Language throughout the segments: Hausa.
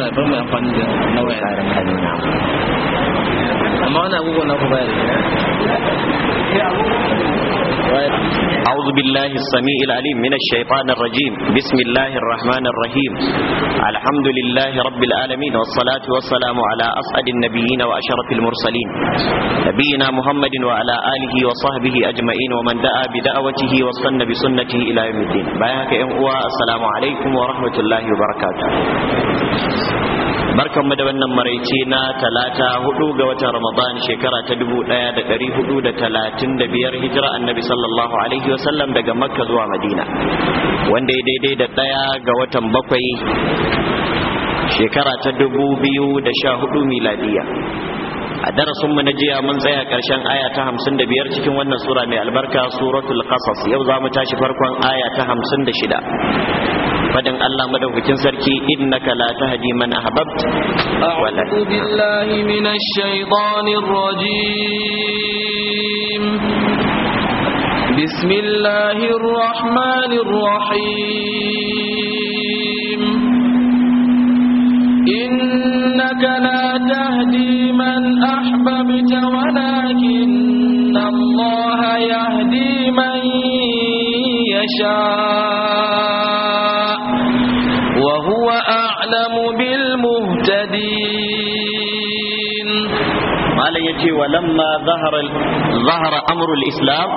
muna bar mu amfani da nau'in tsarin hali na amma wani agogo na ku baya da أعوذ بالله السميع العليم من الشيطان الرجيم بسم الله الرحمن الرحيم الحمد لله رب العالمين والصلاة والسلام على أسعد النبيين وأشرف المرسلين نبينا محمد وعلى آله وصحبه أجمعين ومن دعا بدعوته واستنى بسنته إلى يوم الدين بياك السلام عليكم ورحمة الله وبركاته barkan mu da wannan maraice na talata hudu ga watan ramadan shekara ta dubu daya da dari hudu da talatin da biyar hijira annabi sallallahu alaihi wasallam daga makka zuwa madina wanda ya daidai da daya ga watan bakwai shekara ta dubu biyu da sha hudu miladiya a darasin mu na jiya mun tsaya karshen aya ta hamsin da biyar cikin wannan sura mai albarka suratul qasas yau za mu tashi farkon aya ta hamsin da shida فدن الله مدوكين سركي إنك لا تهدي من أحببت أعوذ بالله من الشيطان الرجيم بسم الله الرحمن الرحيم إنك لا تهدي من أحببت ولكن الله يهدي من يشاء ce wa lamma zahara amrul islam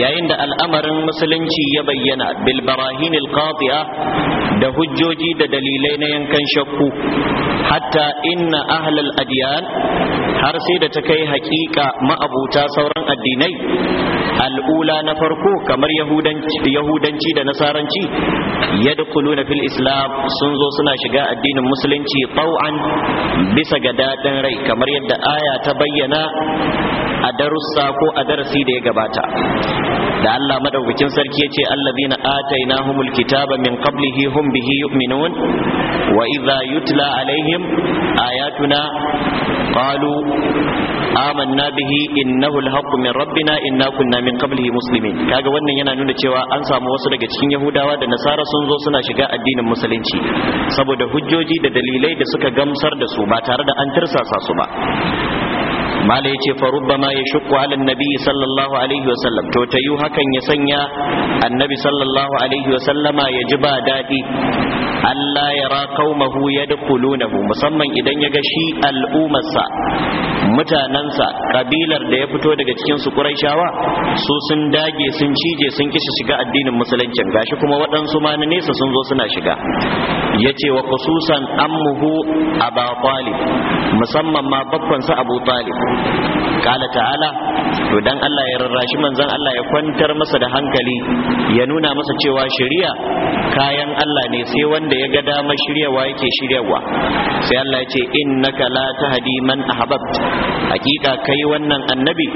yayin da al'amarin musulunci ya bayyana bil barahinil da hujjoji da dalilai na yankan shakku hatta inna ahlal adiyan har sai da ta kai haƙiƙa ma'abuta sauran addinai al'ula na farko kamar yahudanci da nasaranci na fil islam sun zo suna shiga addinin musulunci tau'an bisa ga daɗin rai kamar yadda aya ta bayyana a darussa ko a darasi da ya gabata da Allah madaukakin sarki yace allazina atainahumul kitaba min qablihi hum bihi yu'minun wa idza yutla alaihim ayatuna qalu amanna bihi innahu alhaq min rabbina inna kunna min qablihi muslimin kaga wannan yana nuna cewa an samu wasu daga cikin yahudawa da nasara sun zo suna shiga addinin musulunci saboda hujjoji da dalilai da suka gamsar da su ba tare da an tirsasa su ba mala yace fa rubbama yashqu ala annabi sallallahu alaihi wasallam to ta yi hakan ya sanya annabi sallallahu alaihi wasallama ya ji ba daɗi. Allah ya ra qaumahu yadkhulunahu musamman idan ya ga shi al'umarsa mutanansa kabilar da ya fito daga cikin su Qurayshawa su sun dage sun cije sun kishi shiga addinin musulunci gashi kuma waɗansu ma na nesa sun zo suna shiga yace wa khususan ammuhu aba talib musamman ma bakkonsa abu talib kala ta'ala to dan Allah ya rarrashi manzon Allah ya kwantar masa da hankali ya nuna masa cewa shari'a kayan Allah ne sai wanda da ya ga dama shiryawa yake shiryawa sai Allah ya ce innaka la tahdi man ahbabt hakika kai wannan annabi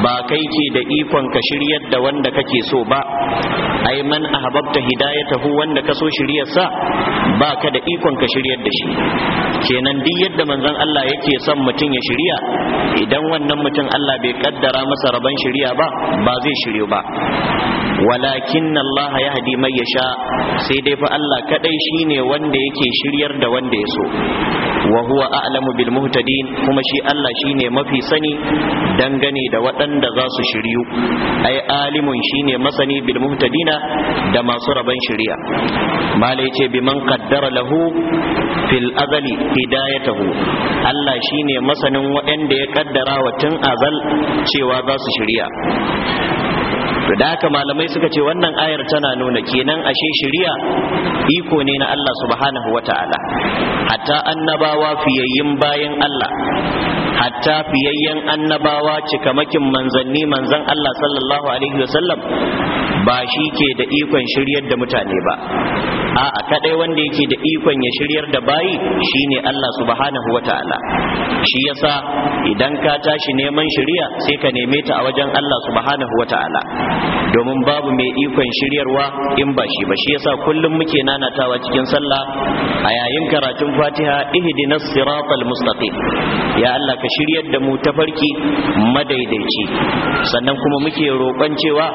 ba kai ke da ikon ka shiryar da wanda kake so ba ai man ahbabta hidayatahu wanda ka so shiryarsa ba ka da ikon ka shiryar da shi kenan duk yadda manzon Allah yake son mutum ya shirya idan wannan mutum Allah bai kaddara masa rabon shirya ba ba zai shirya ba walakin Allah ya hadi mai ya sha sai dai fa Allah kadai ne wanda yake shiryar da wanda ya so wa huwa a'lamu bil muhtadin kuma shi Allah shine mafi sani dangane da waɗanda za su shiryu ai alimun shine masani bil muhtadina da masu rabon shiriya mala ce bi man qaddara lahu fil azali hidayatahu Allah shine masanin waɗanda ya kaddara wa tun azal cewa za su shirya to da haka malamai suka ce wannan ayar tana nuna kenan ashe shari'a iko ne na Allah subhanahu wata'ala hatta annabawa fiyayyin bayan Allah hatta fiyayyen annabawa cikamakin manzanni manzan Allah sallallahu alaihi wasallam ba shi ke da ikon shiryar da mutane ba a'a kadai wanda yake da ikon ya shiryar da bayi shine Allah subhanahu Ta'ala. shi yasa idan ka tashi neman shiriya sai ka neme ta a wajen Allah subhanahu wataala domin babu mai ikon shiryarwa in ba shi ba shi yasa kullum muke nanatawa cikin sallah a yayin karatun fatiha ihdina siratal mustaqim ya Allah ka shiryar da mu tafarki madaidaici sannan kuma muke roƙon cewa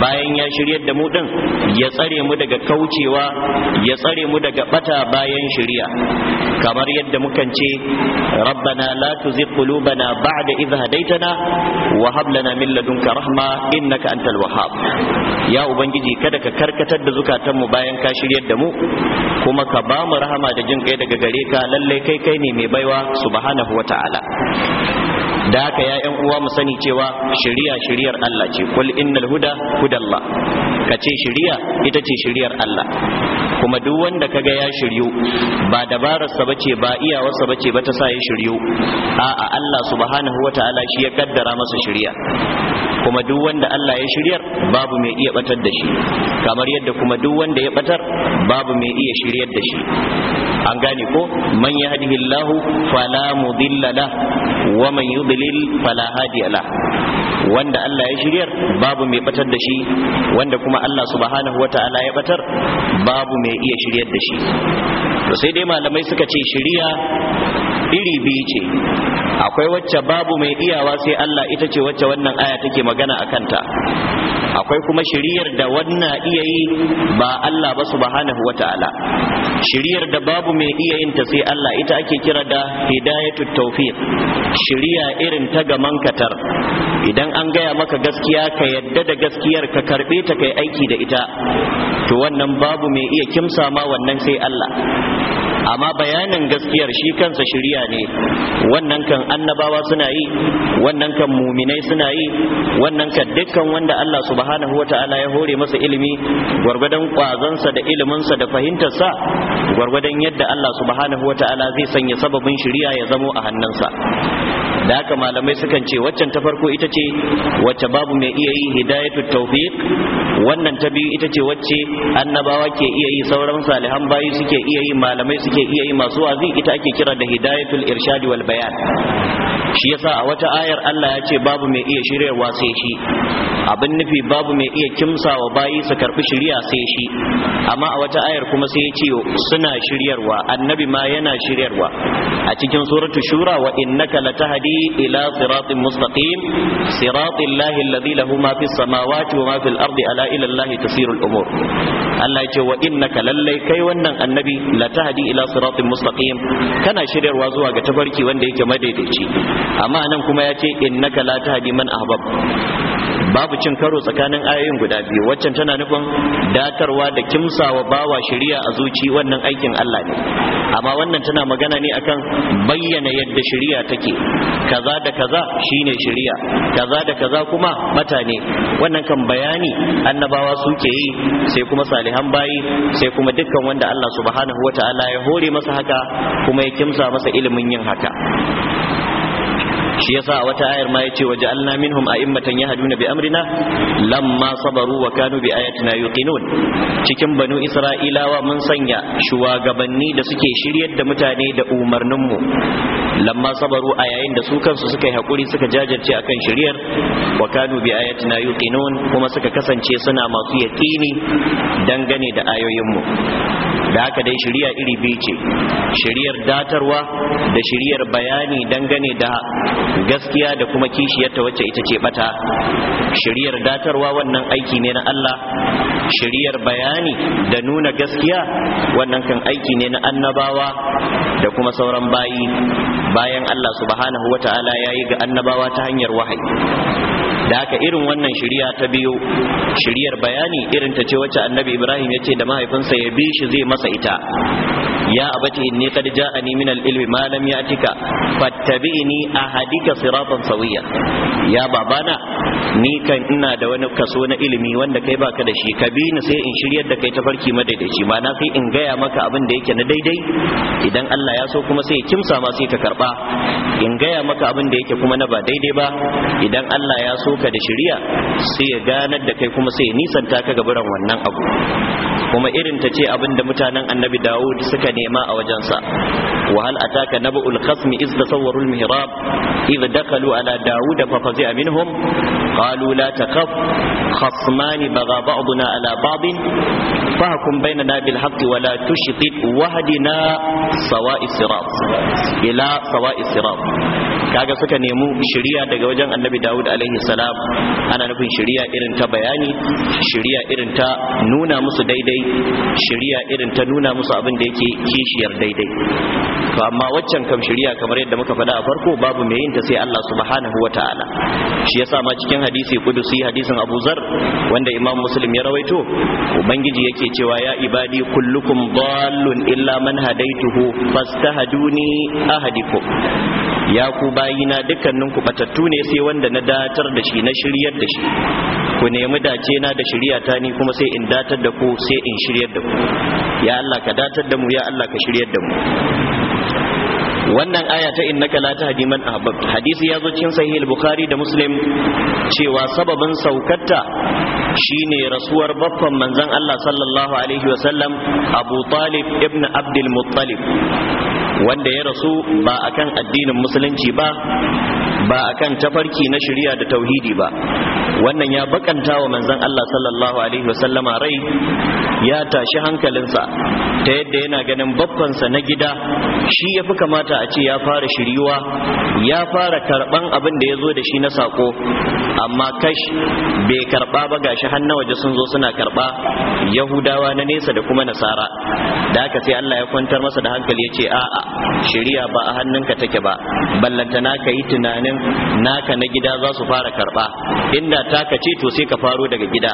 bayan ya shiryar da mu din ya tsare mu daga kaucewa ya tsare mu daga bata bayan shirya kamar yadda mukan ce rabbana la tuzigh qulubana ba'da idh hadaitana wa hab lana min ladunka rahma innaka antal wahhab ya ubangiji kada ka karkatar da zukatanmu bayan ka shiryar da mu kuma ka ba mu rahama da jin kai daga gare ka lallai kai kai ne mai baiwa subhanahu wata'ala da haka ya yan uwa mu sani cewa shari'a shari'ar Allah ce kul innal huda hudallah kace shari'a ita ce shari'ar Allah kuma duk wanda kaga ya shiryu ba dabararsa bace ba iyawarsa bace ba ta sa ya shiryu a'a Allah subhanahu wataala shi ya kaddara masa shari'a kuma duk wanda Allah ya shiryar babu mai iya batar da shi kamar yadda kuma duk wanda ya batar babu mai iya shiryar da shi an gane ko man yahdihillahu fala mudilla wa man yudlil yudlil fala hadiya wanda Allah ya shiryar babu mai batar da shi wanda kuma Allah subhanahu wata'ala ya batar babu mai iya shiryar da shi to sai dai malamai suka ce shiriya iri biyu ce akwai wacce babu mai iyawa sai Allah ita ce wacce wannan aya take magana a kanta akwai kuma shiriyar da wannan iya yi ba Allah ba subhanahu wata'ala shiriyar da babu mai iya yin ta sai Allah ita ake kira da hidayatut tawfiq shiriya irin ta ga mankatar, idan an gaya maka gaskiya ka yadda da gaskiyar ka karbe ta kai aiki da ita to wannan babu mai iya kimsa ma wannan sai Allah amma bayanin gaskiyar shi kansa shirya ne wannan kan annabawa suna yi wannan kan muminai suna yi wannan kan dukkan wanda Allah subhanahu ta'ala ya hore masa ilimi gwargwadon kwazansa da iliminsa da fahimtarsa gwargwadon yadda Allah subhanahu ta'ala zai sanya sababin shirya ya zamo a hannunsa da haka malamai sukan ce waccan ta farko ita ce wacce babu mai iya yi hidayatu tawfiq wannan ta biyu ita ce wacce annabawa ke iya yi sauran salihan bayi suke iya yi malamai suke iya yi masu wazi ita ake kira da hidayatul irshadi wal bayan shi yasa a wata ayar Allah ya ce babu mai iya shiryarwa sai shi abin nufi babu mai iya kimsawa bayi su karbi shirya sai shi amma a wata ayar kuma sai ya ce suna shiryarwa annabi ma yana shiryarwa a cikin suratu shura wa innaka latahdi ila siratin mustaqim siratil lahi alladhi lahu ma fis samawati wa ma fil ardi ala ila allahi tasirul umur Allah ya ce wa innaka lallai kai wannan annabi latahdi ila siratin mustaqim kana shiryarwa zuwa ga tabarki wanda yake madaidaici amma nan kuma ya ce innaka la tahdi man ahbab babu cin karo tsakanin ayoyin guda biyu waccan tana nufin datarwa da kimsawa bawa shari'a a zuci wannan aikin Allah ne amma wannan tana magana ne akan bayyana yadda shari'a take kaza da kaza shine shari'a kaza da kaza kuma matane wannan kan bayani annabawa suke yi sai kuma salihan bayi sai kuma dukkan wanda Allah subhanahu wataala ya hore masa haka kuma ya kimsa masa ilimin yin haka shi yasa a wata ayar ma yace waja'alna minhum a'immatan yahduna bi amrina lamma sabaru wa kanu bi ayatina yuqinun cikin banu isra'ilawa mun sanya shugabanni da suke shiryar da mutane da umarnin mu lamma sabaru a yayin da su kansu suka yi hakuri suka jajirce akan shiryar wa kanu bi ayatina yuqinun kuma suka kasance suna masu yaqini dangane da ayoyin mu da haka dai shiriya iri biyu ce shiriyar datarwa da shiriyar bayani dangane da gaskiya da kuma kishiyarta wacce ita ce bata shiriyar datarwa wannan aiki ne na Allah shiriyar bayani da nuna gaskiya wannan kan aiki ne na annabawa da kuma sauran bayi bayan Allah subhanahu wata'ala ya yi ga annabawa ta hanyar wahayi da haka irin wannan shirya ta biyo shiryar bayani irin ta ce wacce annabi ibrahim ya ce da mahaifinsa ya bi shi zai masa ita ya abati inni qad ja'ani min al-ilmi ma lam ya'tika fattabi'ni ahadika siratan sawiyya ya babana ni kan ina da wani kaso na ilimi wanda kai baka da shi ka bi ni sai in shiryar da kai tafarki madaidaici ma na sai in gaya maka abin da yake na daidai idan Allah ya so kuma sai ya kimsa ma sai ka karba in gaya maka abin da yake kuma na ba daidai ba idan Allah ya so kuka da shari'a sai ya ganar da kai kuma sai nisanta ka gaburan wannan abu kuma irin ta ce abin da mutanen annabi dawud suka nema a wajensa wahal ataka nabu'ul khasmi iz tasawwaru al-mihrab idh dakalu ala dawud fa fazi'a minhum qalu la takhaf khasmani baga ba'duna ala babin fahkum bainana bil haqqi wa la tushtit wahdina sawa'is sirat ila sawa'is sirat kaga suka nemi shiriya daga wajen annabi dawud alaihi salam ana nufin shiriya irin ta bayani shiriya irin ta nuna musu daidai shiriya irin ta nuna musu abin da yake kishiyar daidai to amma waccan kam shiriya kamar yadda muka faɗa a farko babu mai yin ta sai Allah subhanahu wataala shi yasa ma cikin hadisi kudusi hadisin Abu Zar wanda Imam Muslim ya rawaito ubangiji yake cewa ya ibadi kullukum dallun illa man hadaituhu fastahaduni ahadikum ya ku bayina dukkanin ku batattu ne sai wanda na datar da shi na shiryar da shi ku nemi dace na da shirya ta ni kuma sai in datar da ku sai in shiryar da ku ya Allah ka datar da mu ya Allah ka shiryar da mu wannan aya ta innaka la tahdi man ahbab hadisi ya zo cikin sahih bukhari da muslim cewa sababin saukarta shine rasuwar baffan manzon Allah sallallahu alaihi wasallam Abu Talib ibn Abdul Muttalib wanda ya rasu ba akan addinin musulunci ba ba a kan tafarki na shari'a da tauhidi ba wannan ya bakanta wa manzon Allah sallallahu alaihi wasallama rai ya tashi hankalinsa ta yadda yana ganin babbansa na gida shi ya fi kamata a ce ya fara shiriwa ya fara karban abin da ya zo da shi na sako amma kash bai karba ba gashi shi waje sun zo suna karba yahudawa na nesa da kuma nasara da haka sai Allah ya kwantar masa da hankali ya ce a'a shirya ba a hannunka take ba ballantana ka yi tunanin naka na gida za su fara karba inda taka ce to sai ka faro daga gida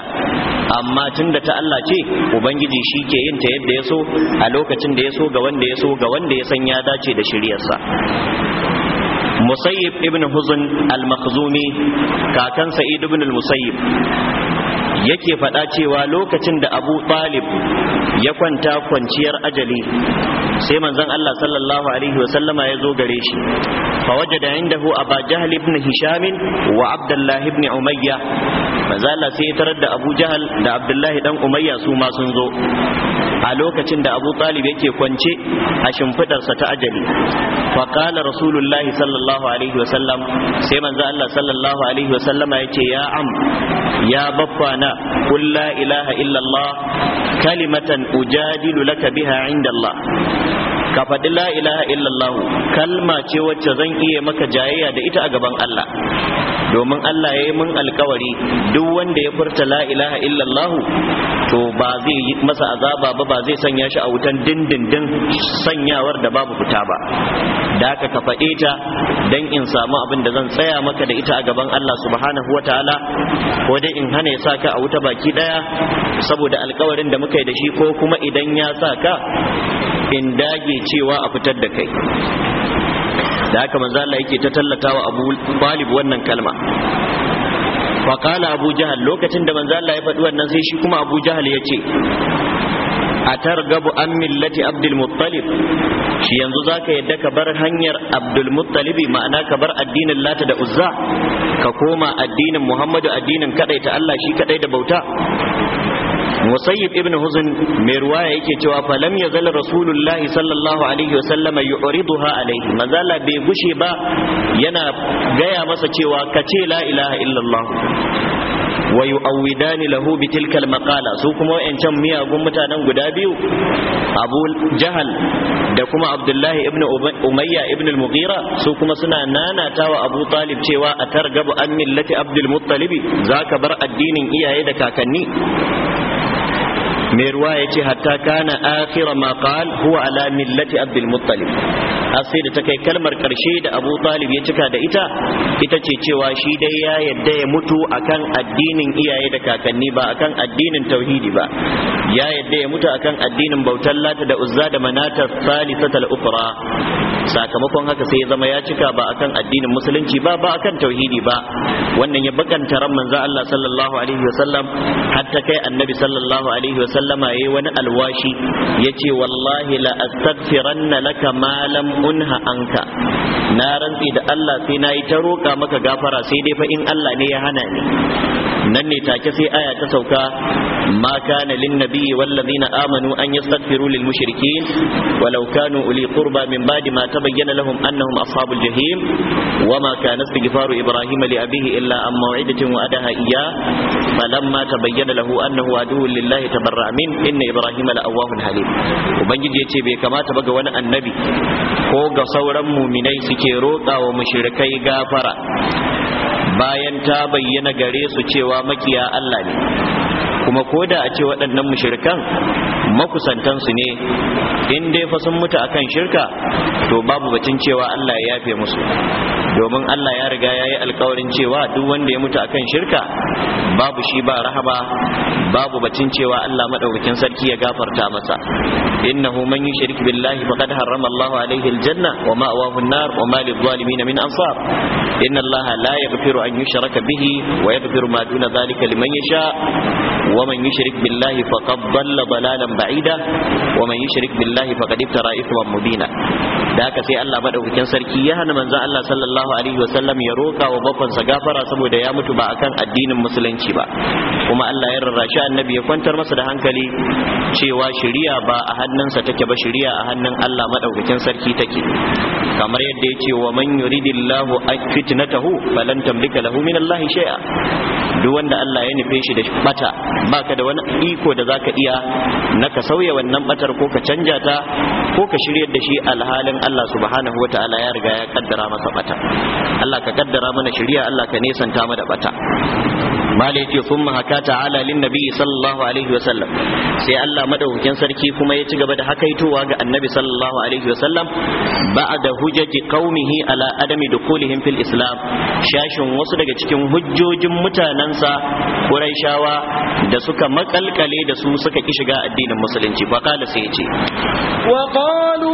amma tunda ta Allah ce ubangiji shi ke yin ta yadda ya so a lokacin da ya so ga wanda ya so ga wanda ya san ya dace da shiryarsa. musayyib ibn huzun al-makhzumi kakan sa'id ibn al-musayyib yake faɗa cewa lokacin da abu talib ya kwanta kwanciyar ajali sai manzon Allah sallallahu alaihi wa sallama ya zo gare shi fa wajada indahu Abu Jahl ibn Hisham wa Abdullah ibn Umayya manzon Allah sai ya tarar da Abu Jahl da Abdullah dan Umayya su ma sun zo a lokacin da abu talib yake kwance a shimfidarsa ta ajali faƙala rasulullahi sallallahu alaihi wasallam sai manzo allah sallallahu alaihi wasallama ya ce ya am ya baffana qul la ilaha illallah kalimatan ujadilu laka biha inda allah ka faɗi la ilaha illallah kalma ce wacce zan iya maka jayayya da ita a gaban Allah domin Allah ya yi mun alkawari duk wanda ya furta la ilaha illallah to ba zai yi masa azaba ba ba zai sanya shi a wutan dindindin sanyawar da babu fita ba da haka ka faɗe ta dan in samu abin da zan tsaya maka da ita a gaban Allah subhanahu wataala ko dai in hana ya sa ka a wuta baki daya saboda alkawarin da muka yi da shi ko kuma idan ya sa ka in dage cewa a fitar da kai da haka manzo Allah yake ta wa Abu Talib wannan kalma fa qala Abu Jahal lokacin da manzo Allah ya faɗi wannan sai shi kuma Abu Jahal ya ce atargabu an millati Abdul Muttalib shi yanzu zaka yadda ka bar hanyar Abdul Muttalib ma'ana ka bar addinin Lata da Uzza ka koma addinin Muhammadu addinin kadai ta Allah shi kadai da bauta musayyib ibn huzn mai ruwaya yake cewa falam ya zala rasulullahi sallallahu alaihi wasallama yu'riduha alaihi mazala bai gushe ba yana gaya masa cewa kace la ilaha illallah wa yu'awwidani lahu bi tilka al-maqala su kuma wayancan miyagun mutanen guda biyu Abu Jahal da kuma Abdullahi ibn Umayya ibn al-Mughira su kuma suna nanatawa Abu Talib cewa a atargabu an millati Abdul Muttalib zaka bar addinin iyaye da kakanni mai ruwa ya ce hatta kana akira ma huwa ala millati abdul muttalib da ta kai kalmar karshe da abu talib ya cika da ita ita ce cewa shi dai ya yadda ya mutu akan addinin iyaye da kakanni ba akan addinin tauhidi ba ya yadda ya mutu akan addinin bautar lata da uzza da manata salisatal ukhra sakamakon haka sai ya zama ya cika ba akan addinin musulunci ba ba akan tauhidi ba wannan ya bakanta ran manzo Allah sallallahu alaihi wasallam hatta kai annabi sallallahu alaihi wasallama yayi wani alwashi yace wallahi la astaghfiranna laka ma lam unha anka na rantsi da Allah sai nayi ta roƙa maka gafara sai dai fa in Allah ne ya hana ni nan ne take sai aya ta sauka ma kana lin nabi ya'i wallazina amanu an yastaghfiru lil mushrikeen walau kanu uli qurba min ba'di ma tabayyana ashabul jahim wama kana istighfaru ibrahim li abihi illa an maw'idatin wa'adaha lillahi tabarra'a min inna ibrahim la awwahun halim ubangiji bai kamata ba ga wani annabi ko ga sauran mu'minai suke rotsawa mushrikai gafara bayan ta bayyana gare su cewa makiya Allah ne kuma ko da a ce waɗannan makusantan makusantansu ne in dai fa sun mutu akan shirka to babu batun cewa Allah ya yafe musu domin Allah ya riga ya yi alkawarin cewa duk wanda ya mutu akan shirka babu shi ba rahaba babu bacin cewa Allah maɗaukakin sarki ya gafarta masa innahu man yushrik billahi faqad harrama Allah alaihi aljanna wa ma'wahu an-nar wa ma lidh-dhalimin min ansar inna Allah la yaghfiru an yushraka bihi wa yaghfiru ma duna dhalika liman yasha da haka sai Allah madaukakin sarki ya hana manzon Allah sallallahu sallallahu alaihi wasallam ya roka wa sa gafara saboda ya mutu ba akan addinin musulunci ba kuma Allah ya rarrashi annabi ya kwantar masa da hankali cewa shiriya ba a hannunsa take ba shiriya a hannun Allah madaukakin sarki take kamar yadda ya ce wa man yuridillahu fitnatahu falan tamlika lahu min Allah shay'a duk wanda Allah ya nufe shi da bata baka da wani iko da zaka iya na ka sauya wannan batar ko ka canja ta ko ka shiryar da shi alhalin Allah subhanahu wataala ya riga ya kaddara masa bata Allah ka kaddara mana shari'a Allah ka nesanta mu da bata mala yace thumma haka ta'ala lin nabi sallallahu alaihi wa sallam sai Allah madaukakin sarki kuma ya ci gaba da hakaitowa ga annabi sallallahu alaihi wa sallam ba'da hujaji qaumihi ala adami dukulihim fil islam shashin wasu daga cikin hujjojin mutanansa quraishawa da suka makalkale da su suka ki shiga addinin musulunci fa qala sai yace wa qalu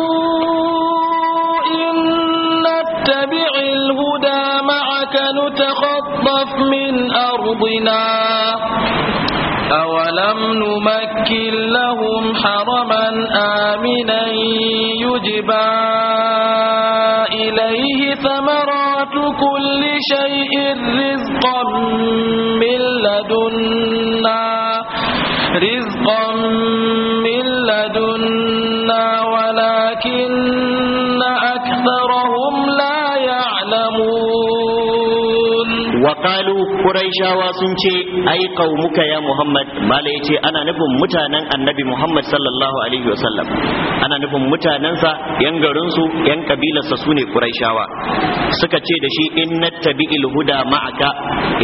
نتبع الهدى معك نتخطف من أرضنا أولم نمكن لهم حرما آمنا يجبى إليه ثمرات كل شيء رزقا من لدنا رزقا من لدنا ولكن Qurayshawa sun ce ai kaumuka ya Muhammad mala yace ana nufin mutanen Annabi Muhammad sallallahu alaihi wasallam ana nufin mutanensa yan garin su yan kabilarsa sune sune Qurayshawa suka ce da shi inna tabi'il huda ma'aka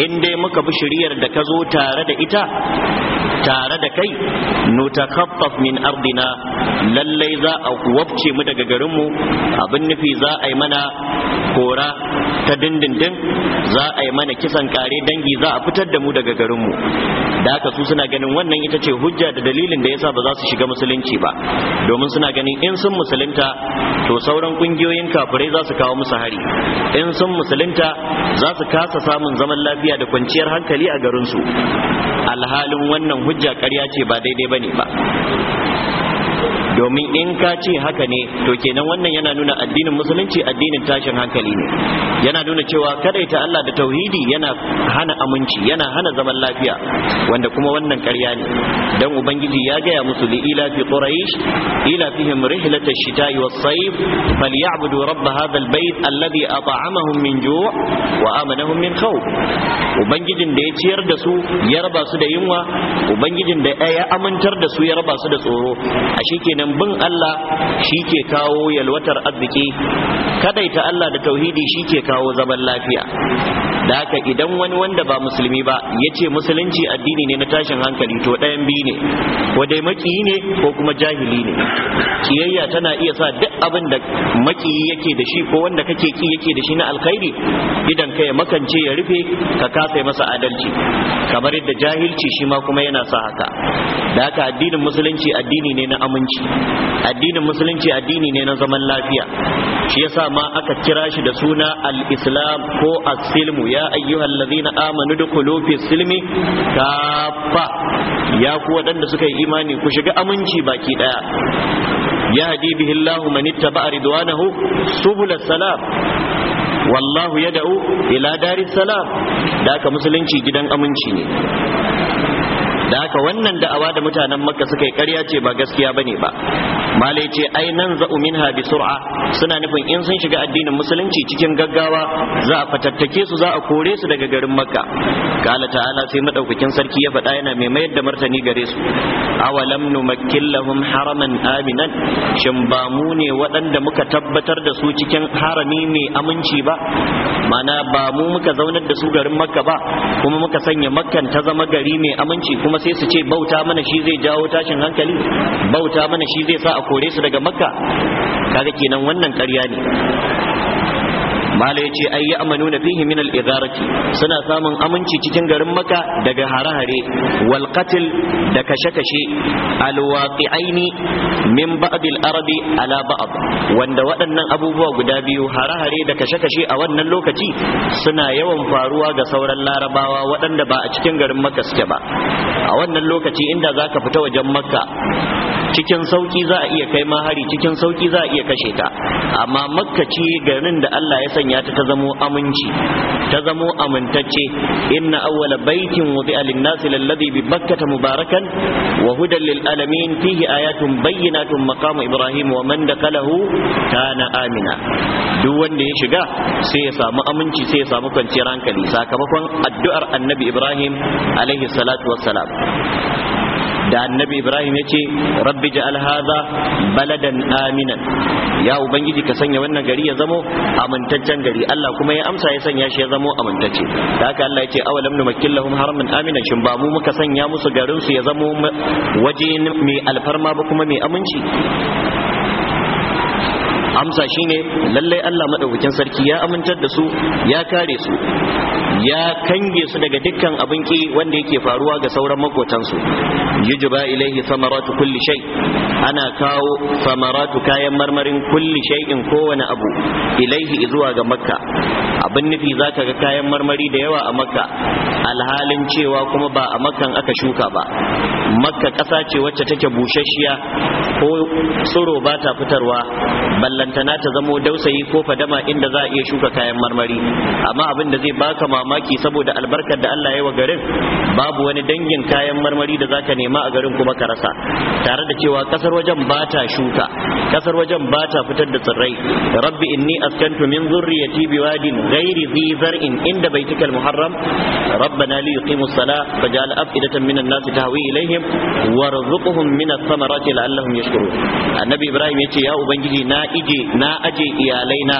in dai muka bi shiriyar da ka zo tare da ita tare da kai nutakhaffaf min ardina lallai za a wabce mu daga garin mu abin nufi za a yi mana kora ta dindindin za a yi mana kisan kare tare dangi za a fitar da mu daga garinmu da haka su suna ganin wannan ita ce hujja da dalilin da yasa ba za su shiga musulunci ba domin suna ganin in sun musulunta to sauran kungiyoyin kafirai za su kawo musu hari in sun musulunta za su kasa samun zaman lafiya da kwanciyar hankali a garinsu alhalin wannan hujja ƙarya ce ba daidai bane ba domin in ka ce haka ne to kenan wannan yana nuna addinin musulunci addinin tashin hankali ne yana nuna cewa kadaita Allah da tauhidi yana hana aminci yana hana zaman lafiya wanda kuma wannan karya ne dan ubangiji ya gaya musu li ila fi quraish ila fihim rihlat ash-shita'i was-sayf falyabudu rabb hadha al-bayt alladhi at'amahum min ju' wa amanahum min khawf ubangijin da ya ciyar da su ya raba su da yunwa ubangijin da ya amintar da su ya raba su da tsoro ashe kenan kenan bin Allah shi ke kawo yalwatar arziki kadaita Allah da tauhidi shi ke kawo zaman lafiya da haka idan wani wanda ba musulmi ba ya ce musulunci addini ne na tashin hankali to ɗayan biyu ne ko dai makiyi ne ko kuma jahili ne kiyayya tana iya sa duk abin da makiyi yake da shi ko wanda kake ki yake da shi na alkhairi idan kai makance ya rufe ka kasa masa adalci kamar yadda jahilci shi ma kuma yana sa haka da haka addinin musulunci addini ne na aminci addinin musulunci addini ne na zaman lafiya shi yasa ma aka kira shi da suna al-islam ko as-silmu ya ayyuhal ladhina amanu dukhulu fi silmi kafa ya ku waɗanda suka yi imani ku shiga aminci baki daya yahdi bihi Allahu man ittaba'a ridwanahu subul salam wallahu da'u ila daris salam da musulunci gidan aminci ne da haka wannan da'awa da mutanen makka suka yi karya ce ba gaskiya bane ba Male ce ai nan za'umin minha bi sur'a suna nufin in sun shiga addinin musulunci cikin gaggawa za a fatattake su za a kore su daga garin makka kala ta'ala sai madaukakin sarki ya faɗa yana mai mayar da martani gare su awalam numakkil lahum haraman aminan shin ba mu ne waɗanda muka tabbatar da su cikin harami mai aminci ba mana ba mu muka zaunar da su garin makka ba kuma muka sanya makkan ta zama gari mai aminci kuma kuma sai su ce bauta mana shi zai jawo tashin hankali bauta mana shi zai sa a kore su daga makka kaga kenan wannan ƙarya ne mala ya ce ai ya amanu na fihi min al-idarati suna samun aminci cikin garin maka daga hare-hare wal qatl da kashe-kashe al-waqi'aini min ba'd al-arabi ala ba'd wanda waɗannan abubuwa guda biyu hare-hare da kashe-kashe a wannan lokaci suna yawan faruwa ga sauran larabawa waɗanda ba a cikin garin maka suke ba a wannan lokaci inda za ka fita wajen makka cikin sauki za a iya kai ma hari cikin sauki za a iya kashe ta amma makka ce garin da Allah ya sanya ta ta zamo aminci ta zamo amintacce inna awwala baitin wudi'a lin bi bakkata mubarakan wa hudan lil alamin fihi ayatun bayyinatun maqamu ibrahim wa man dakalahu kana amina duk wanda ya shiga sai ya samu aminci sai ya samu kwanciyar hankali sakamakon addu'ar annabi ibrahim alaihi salatu wassalam da annabi ibrahim ya ce rabbi ji alhaza baladan aminan ya ubangiji ka sanya wannan gari ya zamo amintaccen gari Allah kuma ya amsa ya sanya shi ya zamo amintacce da haka Allah ya ce awalam numakkil lahum haramin aminan shin ba mu muka sanya musu garin su ya zamo waje mai alfarma ba kuma mai aminci amsa shine lallai Allah madaukakin sarki ya amintar da su ya kare su ya kange su daga dukkan abin ki wanda yake faruwa ga sauran makotansu yujba ilaihi samaratu kulli shay ana kawo samaratu kayan marmarin kulli shay'in kowane abu ilaihi zuwa ga makka abin nufi zaka ga kayan marmari da yawa a makka alhalin cewa kuma ba a makkan aka shuka ba makka kasa ce wacce take busasshiya ko tsiro ba ta fitarwa balla ballantana ta zamo dausayi ko fadama inda za a iya shuka kayan marmari amma abin da zai baka mamaki saboda albarkar da Allah ya wa garin babu wani dangin kayan marmari da zaka nema a garin kuma ka rasa tare da cewa kasar wajen ba ta shuka kasar wajen ba ta fitar da tsirrai rabbi inni askantu min zurriyati biwadin ghairi dhi zar'in inda baitikal muharram rabbana li yuqimus salah faj'al afidatan minan nasi tahwi ilaihim warzuqhum min ath-thamarati la'allahum yashkurun annabi ibrahim yace ya ubangiji na ije ce na aje iyalaina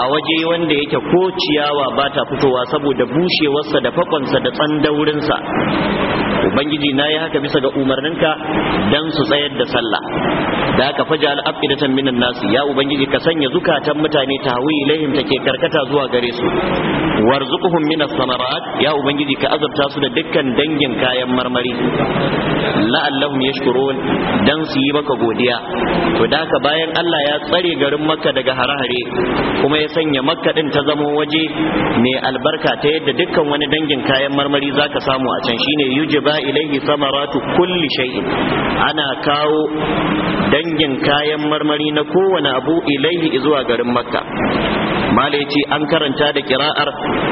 a waje wanda yake ko ciyawa ba ta fitowa saboda bushewarsa da fakonsa da tsandaurinsa ubangiji na yi haka bisa ga umarninka don su tsayar da sallah da ka faja al'afidatan minan nasu ya ubangiji ka sanya zukatan mutane ta hawi ilaihim take karkata zuwa gare su warzuquhum min as-samarat ya ubangiji ka azabta su da dukkan dangin kayan marmari la'allahum yashkurun dan su yi maka godiya to da ka bayan Allah ya tsare garin Makka daga harahare kuma ya sanya Makka din ta zama waje mai albarka ta yadda dukkan wani dangin kayan marmari zaka samu a can shine yujiba ilaihi samaratu kulli shay'in ana kawo dangin dangin kayan marmari na kowane abu ilaihi zuwa garin makka malai ce an karanta da kira'ar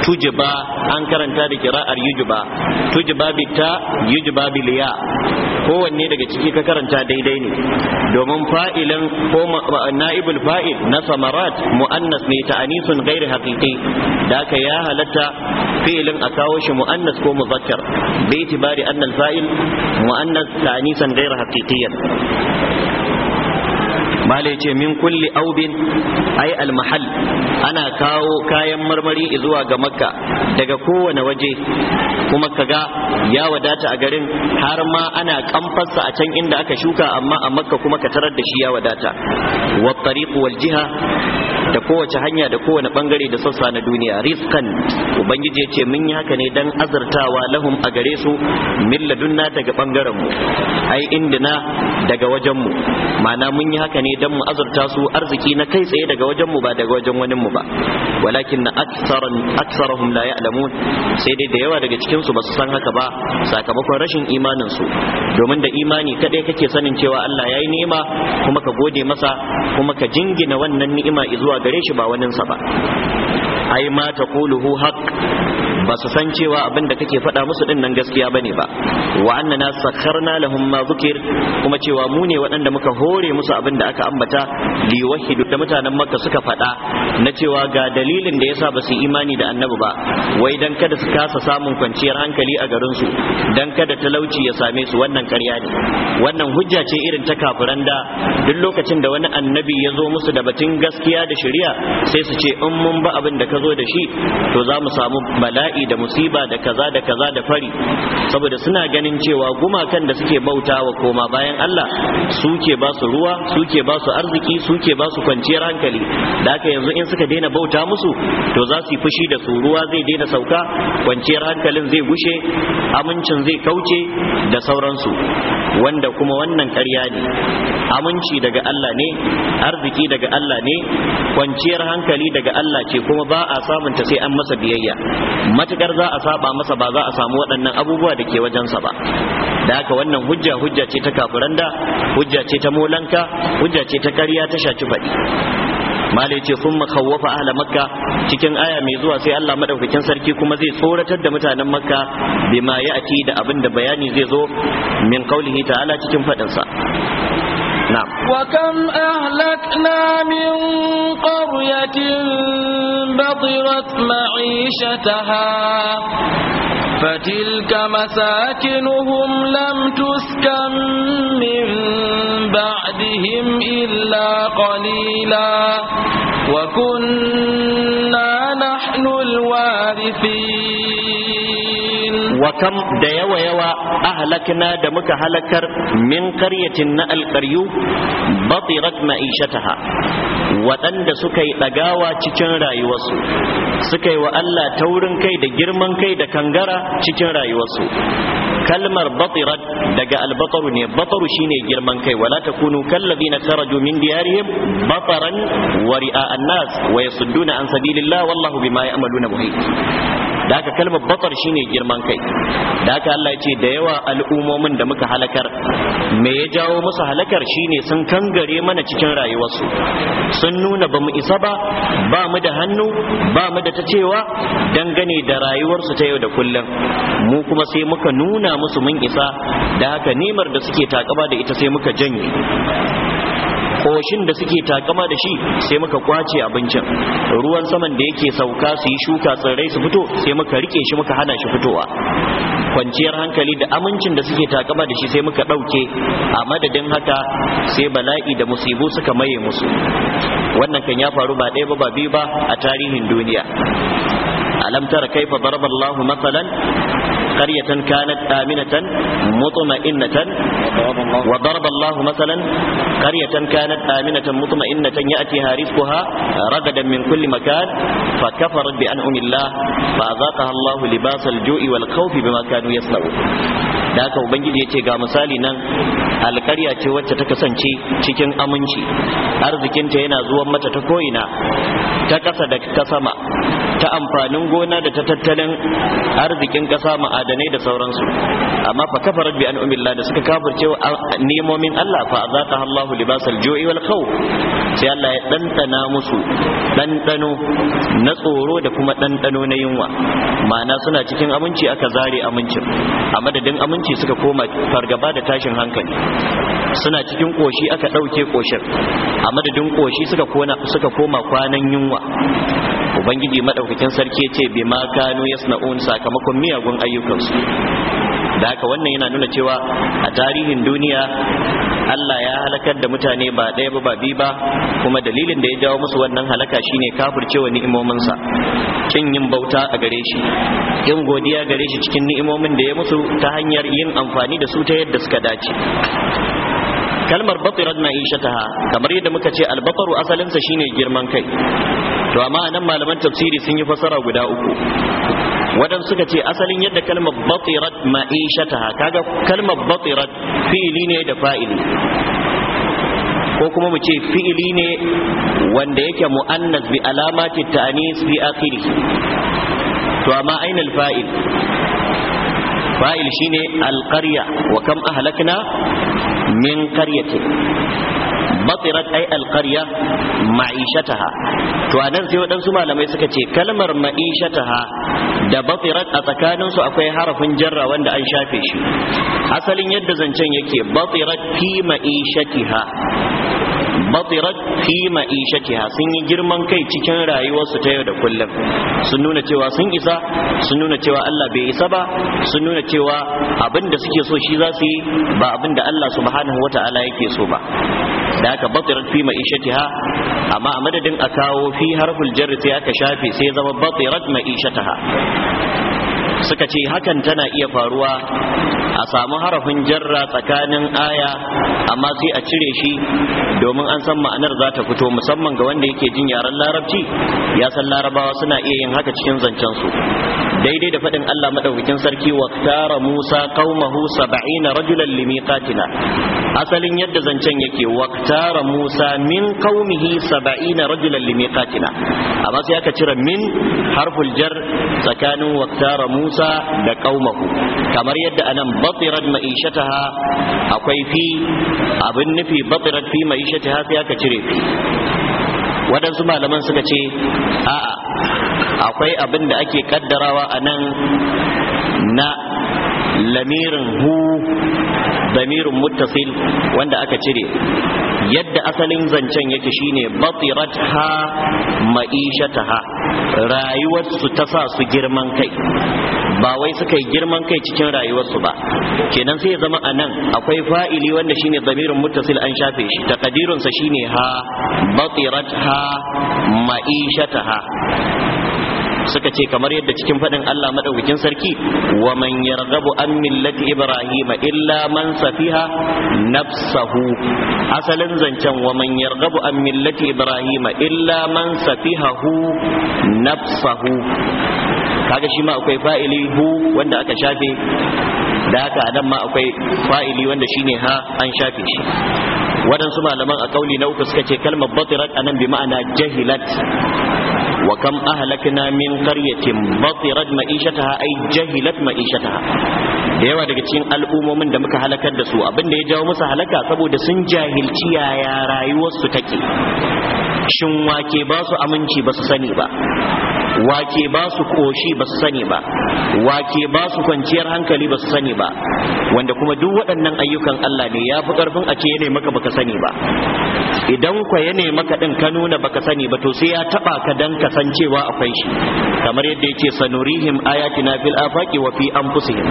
tujiba an karanta da kira'ar yujiba tujiba bitta yujiba biliya kowanne daga ciki ka karanta daidai ne domin fa'ilin ko na'ibul fa'il na samarat mu'annas ne ta anisun gairi haqiqi da ka ya halatta fi'ilin a kawo shi mu'annas ko muzakkar bai tibari annal fa'il mu'annas ta anisan gairi haqiqiyyan mala ce min kulli aubin ai almahal ana kawo kayan marmari zuwa ga makka daga kowane waje kuma kaga ya wadata a garin har ma ana kamfarsa a can inda aka shuka amma a makka kuma ka tarar da shi ya wadata wa tariq wal jiha da kowace hanya da kowane bangare da sassa na duniya Riskan ubangiji ya ce mun yi haka ne dan azartawa lahum a gare su milladunna daga bangaren mu ai indina daga wajen mu ma'ana mun yi haka ne dan mu azurta su arziki na kai tsaye daga wajen mu ba daga wajen wani mu ba walakin na aktsaran aktsarahum la ya'lamun sai dai da yawa daga cikin su ba su san haka ba sakamakon rashin imanin su domin da imani kadai kake sanin cewa Allah yayi ni'ima kuma ka gode masa kuma ka jingina wannan ni'ima zuwa gare shi ba waninsa ba ai ma taquluhu haqq ba su san cewa abin da kake faɗa musu din nan gaskiya bane ba wa annana sakharna lahum ma zukir kuma cewa mu ne waɗanda muka hore musu abin da aka ambata li wahidu da mutanen makka suka faɗa na cewa ga dalilin da yasa ba su imani da annabi ba wai dan kada su kasa samun kwanciyar hankali a garin su dan kada talauci ya same su wannan ƙarya ne wannan hujja ce irin ta kafiran da duk lokacin da wani annabi ya zo musu da batun gaskiya da shari'a sai su ce in mun ba abin da ka zo da shi to za mu samu bala'i da musiba da kaza da kaza da fari saboda suna ganin cewa gumakan da suke bautawa koma bayan Allah suke ba su ruwa suke ba su arziki suke ba su kwanciyar hankali da haka yanzu in suka daina bauta musu to za su yi fushi da su ruwa zai daina sauka kwanciyar hankalin zai gushe amincin zai kauce da sauransu wanda kuma wannan karya ne aminci daga Allah ne arziki daga Allah ne kwanciyar hankali daga Allah ce kuma ba a ta sai an masa biyayya matukar za a saba masa ba za a samu waɗannan abubuwa da ke wajensa ba da haka wannan hujja hujja ce ta kafuranda da hujja ce ta molanka hujja ce ta ƙarya ta shaci faɗi malai ce sun makawwafa ahla makka cikin aya mai zuwa sai Allah madaukakin sarki kuma zai tsoratar da mutanen makka bima ya'ti da abin da bayani zai zo min qaulihi ta'ala cikin faɗinsa نعم وكم أهلكنا من قرية بطرت معيشتها فتلك مساكنهم لم تسكن من بعدهم إلا قليلا وكنا نحن الوارثين wa da yawa yawa ahlakna da muka halakar min qaryatin na alqaryu batirat ma'ishataha waɗanda suka yi ɗagawa cikin rayuwarsu suka yi wa Allah taurin kai da girman kai da kangara cikin rayuwarsu kalmar batirat daga albataru ne bataru shine girman kai wala takunu kallazina kharaju min diyarihim bataran wa ri'a an wa yasudduna an sabilillah wallahu bima ya'maluna muhit da haka kalmar batar shine girman kai da haka Allah ya ce da yawa al'umomin da muka halakar mai ya jawo musu halakar shine sun kangare mana cikin rayuwarsu sun nuna ba mu isa ba ba mu da hannu ba mu da ta cewa dangane da rayuwarsu ta yau da kullum mu kuma sai muka nuna musu mun isa da haka nemar da suke takaba da ita sai muka janye koshin da suke takama da shi sai muka kwace abincin ruwan saman da yake sauka su yi shuka tsirrai su fito sai muka rike shi muka hana shi fitowa kwanciyar hankali da amincin da suke takama da shi sai muka ɗauke a madadin haka sai bala'i da musibu suka maye musu wannan kan ya faru ba ɗaya ba biyu ba a tarihin duniya alam tara kaifa daraballahu masalan قرية كانت آمنة مطمئنة وضرب الله مثلا قرية كانت آمنة مطمئنة يأتيها رزقها رغدا من كل مكان فكفرت بأنعم الله فأذاقها الله لباس الجوع والخوف بما كانوا يصنعون da haka ubangiji ya ce ga misali nan alkarya ce wacce ta kasance cikin aminci arzikinta yana zuwan mata ta ko'ina ta ƙasa da ta sama ta amfanin gona da ta tattalin arzikin ƙasa ma'adanai da sauransu amma fa kafara bi an umilla da suka kafirce nemomin Allah fa azaka Allahu libasal ju'i wal khaw sai Allah ya dandana musu dandano na tsoro da kuma dandano na yunwa ma'ana suna cikin aminci aka zare amincin a madadin aminci suka koma fargaba da tashin hankali suna cikin koshi aka ɗauke koshin a madadin koshi suka koma kwanan yunwa ubangiji madaukakin sarki ya ce bi ma kanu yasna'un sakamakon miyagun ayyukansu da haka wannan yana nuna cewa a tarihin duniya Allah ya halakar da mutane ba ɗaya ba ba ba kuma dalilin da ya jawo musu wannan halaka shine kafircewa ni'imominsa kin yin bauta a gare shi kin godiya gare shi cikin ni'imomin da ya musu ta hanyar yin amfani da su ta yadda suka dace kalmar batirat ma'ishataha kamar yadda muka ce albakaru asalinsa shine girman kai to amma nan malaman tafsiri sun yi fasara guda uku wadan suka ce asalin yadda kalmar batirat ma'ishataha kaga kalmar batirat fi'ili ne da fa'ili ko kuma mu ce fi'ili ne wanda yake mu'annas bi alamati ta'anis bi akhiri to amma aina fa'il fa'il shine alqarya wa kam ahlakna min karyatin batirat ay alqarya ma'ishataha to anan sai waɗansu malamai suka ce kalmar ma'ishataha da batirat a tsakaninsu akwai harafin jarra wanda an shafe shi asalin yadda zancen yake batirat fi ma'ishatiha matirat fi ma'ishatiha sun yi girman kai cikin rayuwarsu ta yau da kullum sun nuna cewa sun isa sun nuna cewa Allah bai isa ba sun nuna cewa abin da suke so shi za su yi ba abin da Allah subhanahu wata'ala yake so ba da aka batirat fi ma'ishatiha amma a madadin a kawo fi harful jarri sai aka shafe sai zama batirat ma'ishataha suka ce hakan tana iya faruwa a samu harafin jarra tsakanin aya amma sai a cire shi domin an san ma'anar za ta fito musamman ga wanda yake jin yaren larabci ya san larabawa suna iya yin haka cikin zancen su daidai da faɗin Allah madaukakin sarki wa tara Musa qaumahu 70 rajulan limiqatina asalin yadda zancen yake wa tara Musa min qaumihi 70 rajulan limiqatina amma sai aka cire min harful jar tsakanin wa tara Musa Musa da ƙaumaku, kamar yadda anan batirat ma'ishataha akwai fi abin nufi batirat fi ma'ishataha sai aka cire fi waɗansu malaman suka ce a'a akwai abin da ake ƙaddarawa anan na lamirin hu damirun muttasil wanda aka cire yadda asalin zancen yake shine batirat ha ma'ishata ha rayuwarsu ta sa su girman kai ba wai suka yi girman kai cikin rayuwarsu ba kenan sai ya zama a nan akwai fa'ili wanda shine damirin muttasil an shafe shi takadirunsa shine ha batirat ha ma'ishata ha suka ce kamar yadda cikin faɗin Allah madaukakin sarki wa man yarghabu an millati ibrahima illa man safiha nafsahu asalin zancen wa man yarghabu an millati ibrahima illa man safihahu nafsahu kaga shi ma akwai fa'ili hu wanda aka shafe da haka a nan ma akwai fa'ili wanda shine ha an shafe shi waɗansu malaman a kauli na uku suka ce kalmar batirat a nan bi ma'ana jahilat wa kam ahlakna min qaryatin batirat ma'ishataha ay jahilat ma'ishataha da yawa daga cikin al'umomin da muka halakar da su abin ya jawo musu halaka saboda sun jahilci yaya rayuwarsu take shin wake ba su aminci ba su sani ba wake ba su koshi ba su sani ba wake ba su kwanciyar hankali ba su sani ba wanda kuma duk waɗannan ayyukan Allah ne ya fi ƙarfin a ce ya maka baka sani ba idan kwa ya maka ɗin ka nuna baka sani ba to sai ya taɓa ka dan san cewa akwai shi kamar yadda yake sanurihim ayatina fil afaqi wa fi anfusihim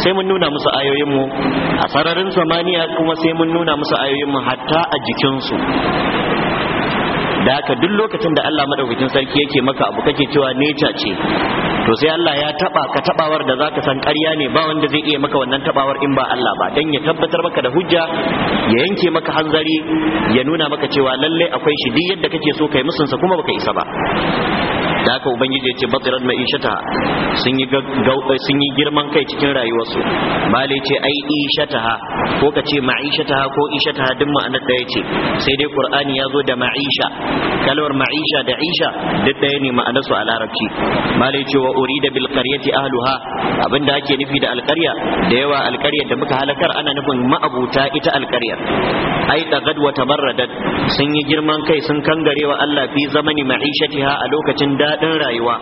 sai mun nuna musu ayoyin mu a sararin samaniya kuma sai mun nuna musu ayoyin mu hatta a jikin su da haka duk lokacin da Allah madaukakin sarki yake maka abu kake cewa neca ce to sai Allah ya taba ka tabawar da zaka san ƙarya ne ba wanda zai iya maka wannan tabawar in ba Allah ba dan ya tabbatar maka da hujja ya yanke maka hanzari ya nuna maka cewa lalle akwai shi duk yadda kake so kai musunsa kuma baka isa ba da haka ubangiji ya ce batirat mai ishata sun yi girman kai cikin rayuwarsu lai ce ai ha ko ka ce ha ko ha duk ma'anar ɗaya ce sai dai qur'ani ya zo da ma'isha kalmar ma'isha da isha duk ɗaya ne ma'anar su a larabci lai ce wa urida bil qaryati ahluha abinda ake nufi da alƙarya da yawa alƙarya da muka halakar ana nufin ma'abuta ita alƙaryar ai da wa tabarradat sun yi girman kai sun kangarewa Allah fi zamani ma'ishatiha a lokacin da daɗin rayuwa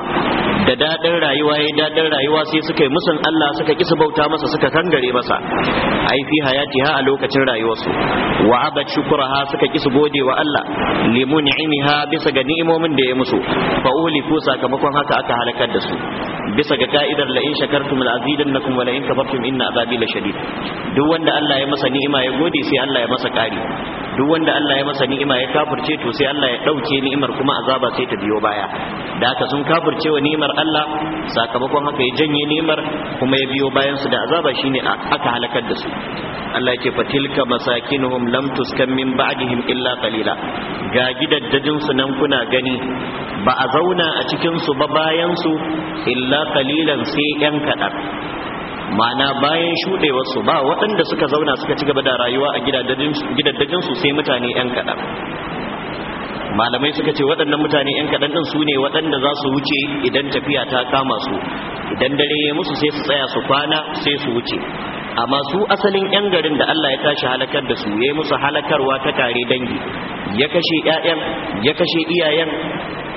da daɗin rayuwa ya daɗin rayuwa sai suka yi musun Allah suka kisa bauta masa suka kangare masa ai fi hayatiha a lokacin rayuwarsu wa abad shukuraha suka kisa gode wa Allah limun ha bisa ga ni'imomin da ya musu fa uliku sakamakon haka aka halakar da su bisa ga ka'idar la in shakartum la azidannakum wa la in kafartum inna azabi la shadid duk wanda Allah ya masa ni'ima ya gode sai Allah ya masa ƙari duk wanda Allah ya masa ni'ima ya kafirce to sai Allah ya ɗauke ni'imar kuma azaba sai ta biyo baya da aka sun kafirce wa nimar Allah sakamakon haka ya janye nimar kuma ya biyo bayan su da azaba shine aka halakar da su Allah yake fatilka masakinuhum lam tuskan min ba'dihim illa qalila ga gidaddajin su nan kuna gani ba a zauna a cikin su ba bayan su illa qalilan sai yan kaɗar ma'ana bayan su ba waɗanda suka zauna suka ci gaba da rayuwa a gidaddajinsu sai mutane 'yan kaɗar. malamai suka ce waɗannan mutane 'yan kaɗan ɗin su ne waɗanda za su wuce idan tafiya ta kama su idan dare ya musu sai su tsaya su kwana sai su wuce amma su asalin 'yan garin da Allah ya tashi halakar da su ya yi musu halakarwa ta kare dangi ya kashe 'ya'yan ya kashe iyayen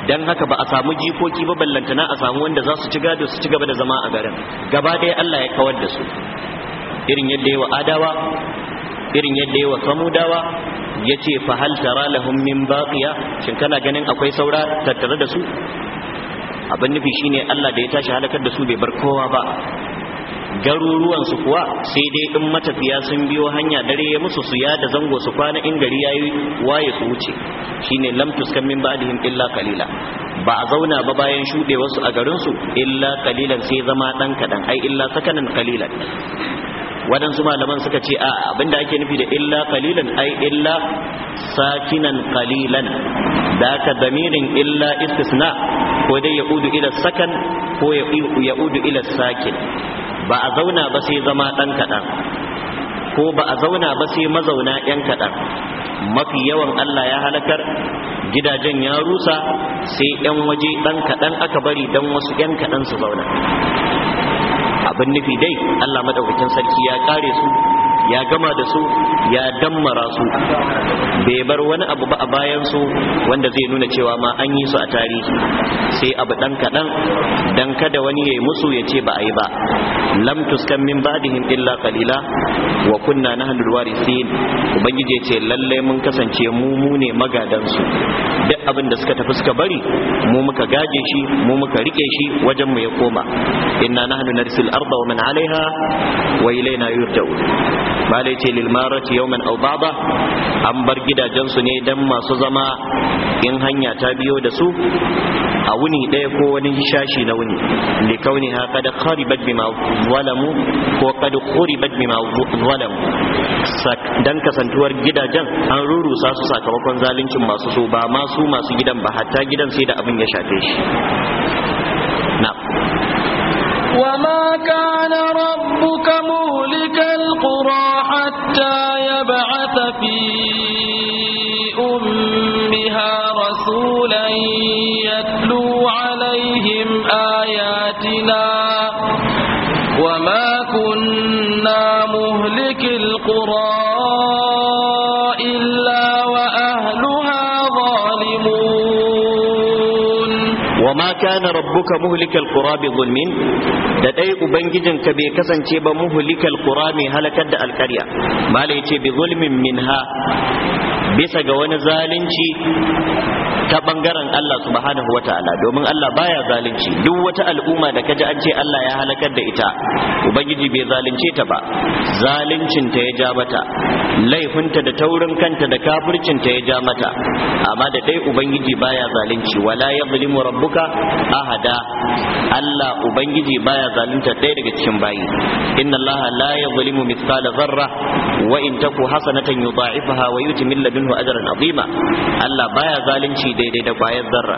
dan haka ba a samu jikoki ba ballantana a samu wanda za su ci gado su ci gaba da zama a garin gaba ɗaya Allah ya kawar da su irin yadda ya yawa adawa irin yadda yawa samudawa ya ce fahal tara lahum min baƙiya? shin kana ganin akwai saura tattare da su abin nufi ne Allah da ya tashi halakar da su bai bar kowa ba garuruwan su kuwa sai dai in matafiya sun biyo hanya dare ya musu su ya da zango su kwana in gari ya yi waye su wuce Shi ne lamtus kan min ba'adihim illa kalila ba a zauna ba bayan shuɗe wasu a garinsu illa kalilan sai zama ɗan kaɗan, ai illa sakanin kalilan waɗansu malaman suka ce a abinda ake nufi da illa qalilan ai illa sakinan qalilan da aka damirin illa istisna ko dai ya udu ila sakan ko ya udu ila sakin ba a zauna ba sai zama ɗan kaɗan ko ba a zauna ba sai mazauna ‘yan kaɗan mafi yawan Allah ya halakar gidajen ya rusa sai ‘yan waje ɗan kaɗan aka bari don wasu ‘yan kaɗan su zauna abin nufi dai Allah madaukakin sarki ya kare su ya gama da su ya dammara su bai bar wani abu ba a bayan su wanda zai nuna cewa ma an yi su a tarihi sai abu dan kaɗan dan kada wani ya yi musu ya ce ba a yi ba lam tuskan min ba'dihim illa qalila wa kunna nahnu alwarisin ubangiji ya ce lalle mun kasance mu mu ne magadan su duk abin da suka tafi suka bari mu muka gaje shi mu muka rike shi wajen mu ya koma inna nahnu narsil arda wa man alaiha wa ilaina yurja'un malai ce lilmarati yawman aw baba an bar gidajensu ne dan masu zama in hanya ta biyo da su a wuni ɗaya ko wani shashi na wuni kauni ha kada kharibat bima zalamu ko kada khuribat bima zalamu dan kasantuwar gidajen an rurusa su sakamakon zaluncin masu so ba masu masu gidan ba hatta gidan sai da abin ya shafe shi na Wa ma kana rabbuka mulika حتى يبعث في أمها رسولا يتلو عليهم آياتنا وما كنا مهلك القرى إلا وأهلها ظالمون وما كان ربك مهلك القرى بظلم da ɗaya ubangijinka bai kasance ba muhulikal kura mai halakar da alkarya mala yace bi zulmin minha bisa ga wani zalunci ta bangaren Allah subhanahu ta'ala domin Allah baya zalunci duk wata al'umma da kaji an ce Allah ya halakar da ita ubangiji bai zalunce ta ba zaluncin ta ya ja mata laifinta da taurin kanta da kafircin ta ya ja mata amma da dai ubangiji baya zalunci wala yadhlimu rabbuka ahada Allah ubangiji baya zalunta ɗaya daga cikin bayi inna Allah la yadhlimu mithqala dharra wa in taku hasanatan yudha'ifaha wa yuti min minhu ajran Allah baya zalunci daidai da kwayar zarra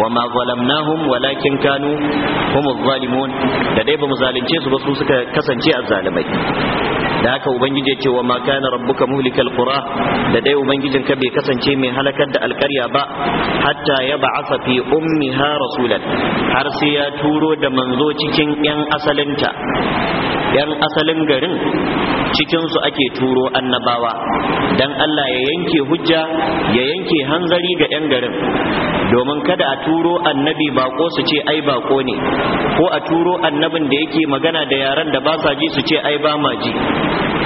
wa ma zalamnahum walakin kanu hum zalimun da dai bamu zalunce su ba su suka kasance a zalumai. da haka ubangiji ya ce wa ma kana rabbuka muhlikal da dai ubangijin ka bai kasance mai halakar da alƙarya ba hatta ya ba'atha fi ummiha rasulan har sai ya turo da manzo cikin yan asalinta yan asalin garin cikinsu ake turo annabawa don Allah ya yanke hujja ya yanke hanzari ga 'yan garin domin kada a turo annabi bako su ce ai bako ne ko a turo annabin da yake magana da yaran da ba sa ji su ce ai ba ma ji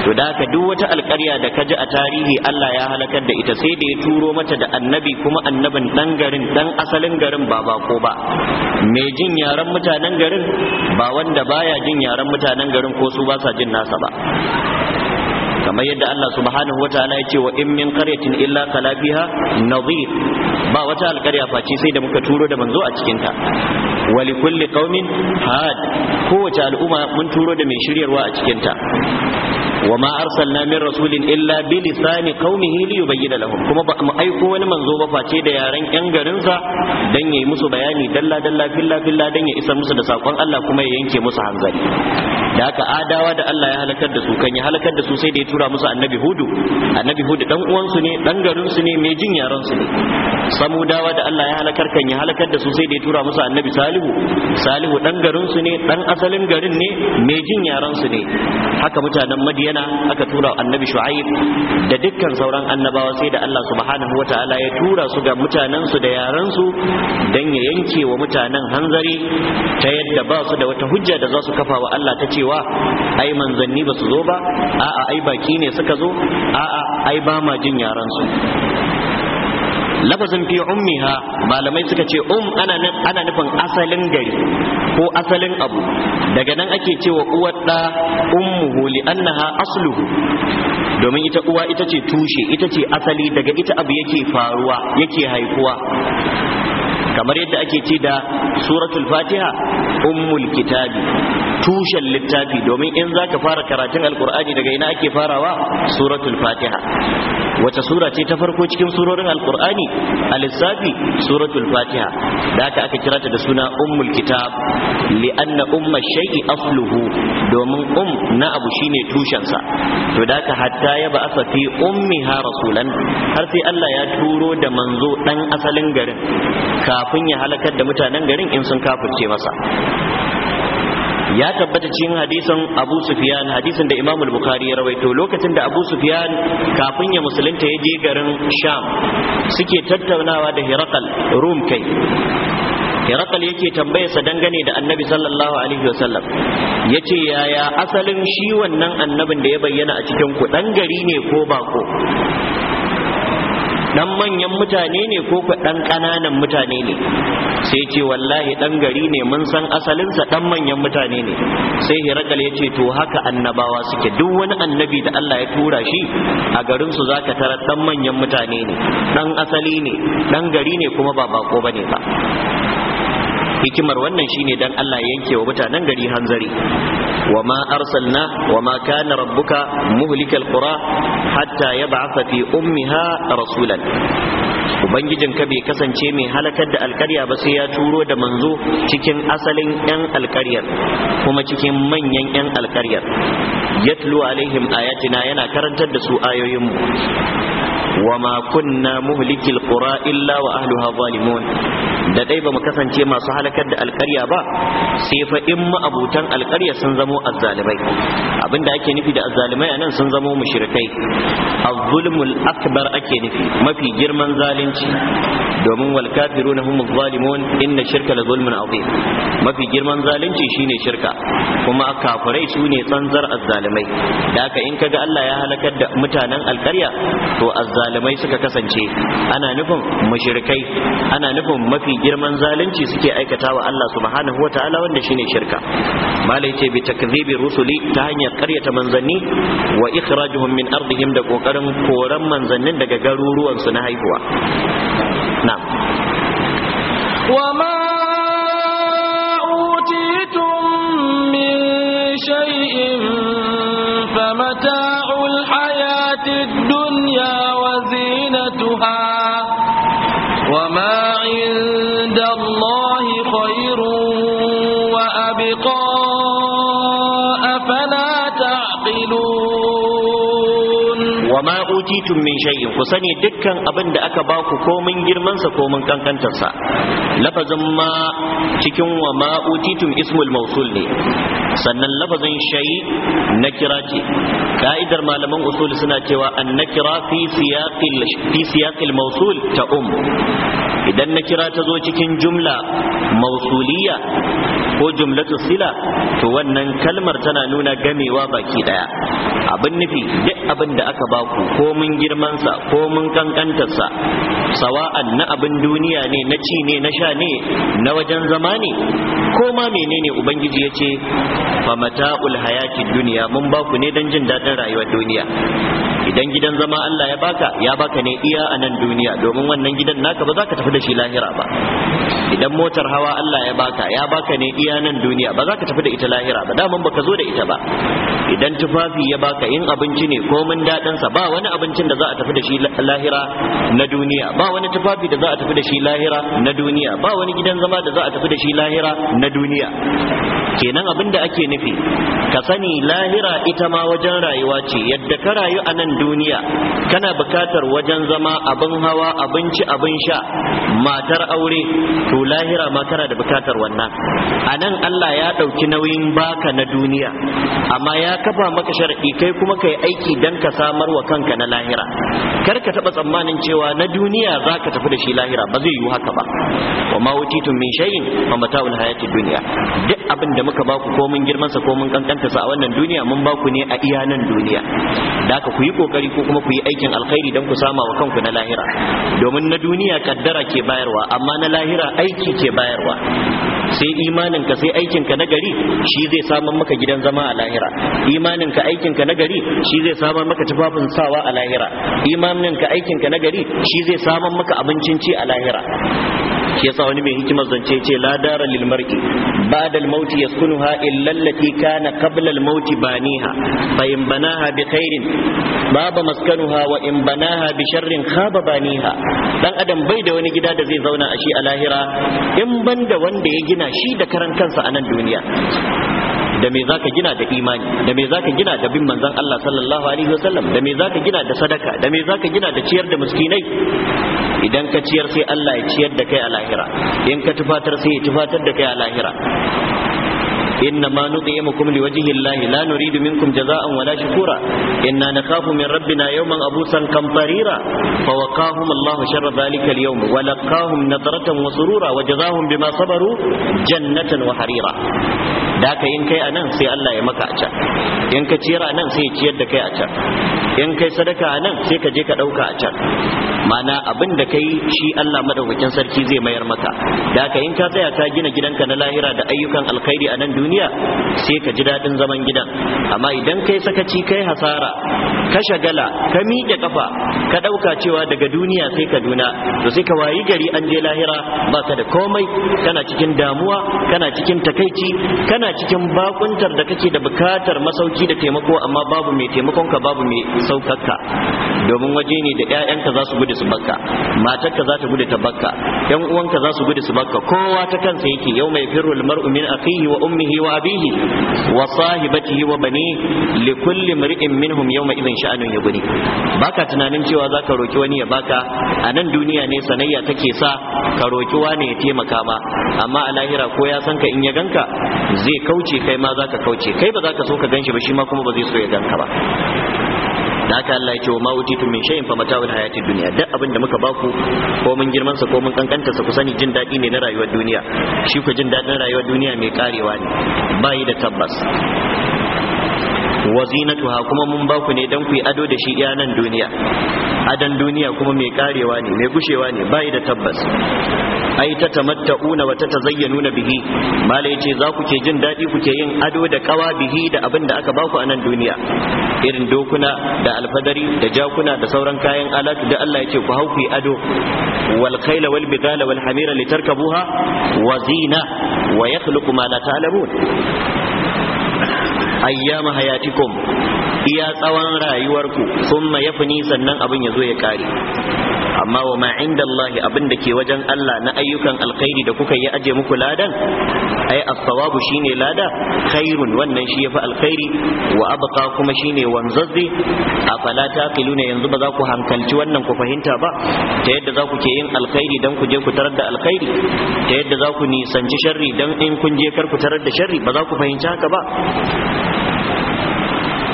to da haka duk wata alƙarya da ka ji a tarihi Allah ya halakar da ita sai da ya turo mata da annabi kuma annabin dan garin dan asalin garin ba bako ba mai jin yaran mutanen garin ba wanda baya jin yaran mutanen garin ko su ba sa jin nasa ba kamar yadda Allah subhanahu wataala ya ce wa in min qaryatin illa kala fiha nadhir ba wata alƙarya face sai da muka turo da manzo a cikin ta wa li kulli qaumin had kowace al'umma mun turo da mai shiryarwa a cikin ta wa ma arsalna min rasulin illa bi lisani qaumihi li yubayyana lahum kuma ba mu aiko wani manzo ba face da yaren yan garinsa dan yayi musu bayani dalla dalla filla filla dan ya isa musu da sakon Allah kuma ya yanke musu hanzari da aka adawa da Allah ya halakar da su kan ya halakar da su sai da ya tura musu annabi hudu annabi hudu dan uwansu ne dan garinsu ne mai jin yaran su samu samudawa da Allah ya halakar kan ya halakar da su sai da ya tura musu annabi salihu salihu dan garinsu ne dan asalin garin ne mai jin yaran su ne haka mutanen madiyana madiyana aka tura annabi shu'aib da dukkan sauran annabawa sai da Allah subhanahu wataala ya tura su ga mutanen su da yaran su dan ya yanke wa mutanen hanzari ta yadda ba su da wata hujja da za su kafa wa Allah ta cewa ai manzanni ba su zo ba a'a ai baki ne suka zo a'a ai ba ma jin yaran su lafazin fi ummiha malamai suka ce um ana nufin asalin gari ko asalin abu daga nan ake cewa uwar da ummuhu li'annaha asluhu domin ita uwa ita ce tushe ita ce asali daga ita abu yake faruwa yake haifuwa kamar yadda ake ci da suratul fatiha ummul kitabi tushen littafi domin in za ka fara karatun alkur'ani daga ina ake farawa suratul fatiha wace sura ce ta farko cikin surorin alkur'ani a lissafi suratul fatiha da aka aka kira ta da suna ummul kitab li'anna umma shay'i Afluhu domin um na abu shine tushensa to da aka hatta ya ba asa fi ummiha rasulan har sai Allah ya turo da manzo dan asalin garin kafin ya halakar da mutanen garin in sun kafirce masa ya tabbata cikin hadisin Abu Sufyan hadisin da Imam Bukhari ya rawaito lokacin da Abu Sufyan kafin ya musulunta ya je garin Sham suke tattaunawa da Hirakal Rum kai Hirakal yake tambayarsa dangane da Annabi sallallahu alaihi wasallam yace yaya asalin shi wannan annabin da ya bayyana a cikin ku dan gari ne ko bako dan manyan mutane ne ko ku dan ƙananan mutane ne sai ce wallahi dan gari ne mun san asalinsa dan manyan mutane ne sai hirakal ya ce to haka annabawa suke duk wani annabi da Allah ya tura shi a garin su zaka tara dan manyan mutane ne dan asali ne dan gari ne kuma ba bako bane ba hikimar wannan shine dan Allah yanke wa mutanen gari hanzari wa ma arsalna wa ma kana rabbuka muhlikal qura hatta yab'atha fi ummiha rasulan ubangijin ka bai kasance mai halakar da alkarya ba sai ya turo da manzo cikin asalin yan alkaryar kuma cikin manyan yan alkaryar yatlu alaihim ayatina yana karantar da su ayoyinmu وما كنا مهلك القرى إلا وأهلها ظالمون da dai ba mu kasance masu halakar da alkarya ba sai fa in ma'abutan alkarya sun zamo azzalimai abinda ake nufi da azzalimai anan sun zamo mushrikai az-zulmul akbar ake nufi mafi girman zalunci domin wal kafiruna hum zalimun inna shirka la zulmun azim mafi girman zalunci shine shirka kuma kafirai su ne tsanzar azzalimai da haka in kaga Allah ya halakar da mutanen alkarya to azzalimai Malamai suka kasance ana nufin mushrikai ana nufin mafi girman zalunci suke aikata wa Allah subhanahu ta'ala wanda shine shirka malai ce bi takdhibi rusuli ta hanyar karyata manzanni wa ikhrajuhum min ardihim da kokarin koran manzannin daga garuruwansu na haihuwa na'am 我们。utitum min shay'in ku sani dukkan abin da aka baku komin girmansa sa komin kankantar lafazin ma cikin wa ma ismul mawsul ne sannan lafazin shay nakira ce ka'idar malaman usul suna cewa an nakira fi siyaqil mawsul ta um idan nakira ta zo cikin jumla mawsuliya ko jumlatu sila to wannan kalmar tana nuna gamewa baki daya abin nufi duk abin da aka baku ko mun girmansa ko mun kankantarsa sawa'an na abin duniya ne na ci ne na sha ne na wajen zama ne ko ma menene ubangiji ya ce fa mata'ul hayati duniya mun baku ne don jin daɗin rayuwar duniya idan gidan zama Allah ya baka ya baka ne iya a nan duniya domin wannan gidan naka ba za ka tafi da shi lahira ba idan motar hawa Allah ya baka ya baka ne iya iya nan duniya ba za ka tafi da ita lahira ba daman baka zo da ita ba idan tufafi ya baka in abinci ne komin daɗin sa ba wani abincin da za a tafi da shi lahira na duniya ba wani tufafi da za a tafi da shi lahira na duniya ba wani gidan zama da za a tafi da shi lahira na duniya kenan abin da ake nufi ka sani lahira ita ma wajen rayuwa ce yadda ka rayu a nan duniya kana bukatar wajen zama abin hawa abinci abin sha matar aure to lahira ma kana da bukatar wannan a nan Allah ya ɗauki nauyin baka na duniya amma ya kafa maka sharaɗi kai kuma ka aiki don ka samar wa kanka na lahira kar ka taɓa tsammanin cewa na duniya za ka tafi da shi lahira ba zai yiwu haka ba wa ma wutitun min shay'in fa mata'ul hayatid dunya duk abin da muka baku ko mun girman sa ko mun kankanta sa a wannan duniya mun baku ne a iya nan duniya da ka ku yi kokari ko kuma ku yi aikin alkhairi don ku sama wa kanku na lahira domin na duniya kaddara ke bayarwa amma na lahira aiki ke bayarwa sai imanin ka sai aikin ka nagari shi zai samar maka gidan zama a lahira imanin ka aikin ka nagari shi zai samar maka tufafin sawa a lahira imanin ka aikin ka nagari shi zai samar maka abincin ci a lahira shi yasa wani mai hikimar zance ce la dara lil mar'i ba'da al mauti yaskunuha illa allati kana qabla al mauti baniha fa in banaha bi khairin baba maskanuha wa in banaha bi sharrin khaba baniha dan adam bai da wani gida da zai zauna a shi a lahira in banda wanda ya gina shi da karan kansa a nan duniya da me zaka gina da imani da me zaka gina da bin manzon Allah sallallahu alaihi wasallam da me zaka gina da sadaka da me zaka gina da ciyar da miskinai idan ka ciyar sai Allah ya ciyar da kai a lahira idan ka tufatar sai ya tufatar da kai a lahira inna ma nuti'imukum liwajhi llahi la nuridu minkum jazaa'an wala shukura inna nakhafu min rabbina yawman abusan kamtarira fawaqahum Allahu sharra dhalika al-yawm wa laqahum nadratan wa surura wa jazaahum bima sabaru jannatan wa da ka in kai anan sai Allah ya maka a can in ka ciyar anan sai ya ciyar da kai a can kai sadaka anan sai ka je ka ɗauka a can mana abin da kai shi Allah madaukakin sarki zai mayar maka da ka in ka tsaya ka gina gidanka na lahira da ayyukan alkhairi a nan duniya duniya sai ka ji daɗin zaman gidan amma idan kai sakaci kai hasara ka shagala ka miƙe ƙafa ka ɗauka cewa daga duniya sai ka duna to sai ka wayi gari an je lahira ba ka da komai kana cikin damuwa kana cikin takaici kana cikin bakuntar da kake da bukatar masauki da taimako amma babu mai taimakonka babu mai saukarka domin waje ne da ƴaƴanka za su gudu su bakka matarka za ta gudu ta bakka ƴan uwanka za su gudu su bakka kowa ta kansa yake yau mai firru mar'u min akhihi wa ummihi wa abihi wa sahibatihi wa bani li kulli mar'in minhum yawma idhin sha'anun yughni baka tunanin cewa zaka roki wani ya baka a nan duniya ne sanayya take sa ka roki wani ya taimaka ma amma a lahira ko ya san ka in ya ganka zai kauce kai ma zaka kauce kai ba zaka so ka ganshi ba shi ma kuma ba zai so ya ganka ba da haka Allah ya ce wa tun min shay'in fama mata'ul hayatid duniya duk abin da muka baku ko mun girman sa ko mun kankanta sa ku sani jin daɗi ne na rayuwar duniya shi ku jin daɗin rayuwar duniya mai karewa ne bayi da tabbas wa zinatuha kuma mun ba ku ne dan ku yi ado da shi iya nan duniya adan duniya kuma mai karewa ne mai gushewa ne bayi da tabbas ai ta tamatta'una wa tatazayyanuna bihi mala yace za ku ke jin ku kuke yin ado da kawa bihi da abin da aka ba ku a nan duniya irin dokuna da alfadari da jakuna da sauran kayan alatu da Allah ce ku hau yi ado wal khayla wal bidala wal hamira litarkabuha wa zina wa yakhluqu ma la ta'lamun ayyama hayatikum iya tsawon rayuwarku thumma yafni sannan abin ya zo ya kare amma wa ma inda Allah abin da ke wajen Allah na ayyukan alkhairi da kuka yi aje muku ladan ai as-sawabu shine lada khairun wannan shi yafi alkhairi wa abqa kuma shine wanzazze afala taqiluna yanzu ba za ku hankalci wannan ku fahimta ba ta yadda za ku ke yin alkhairi dan ku je ku tarar da alkhairi ta yadda za ku nisanci sharri dan in kun je kar ku tarar da sharri ba za ku fahimci haka ba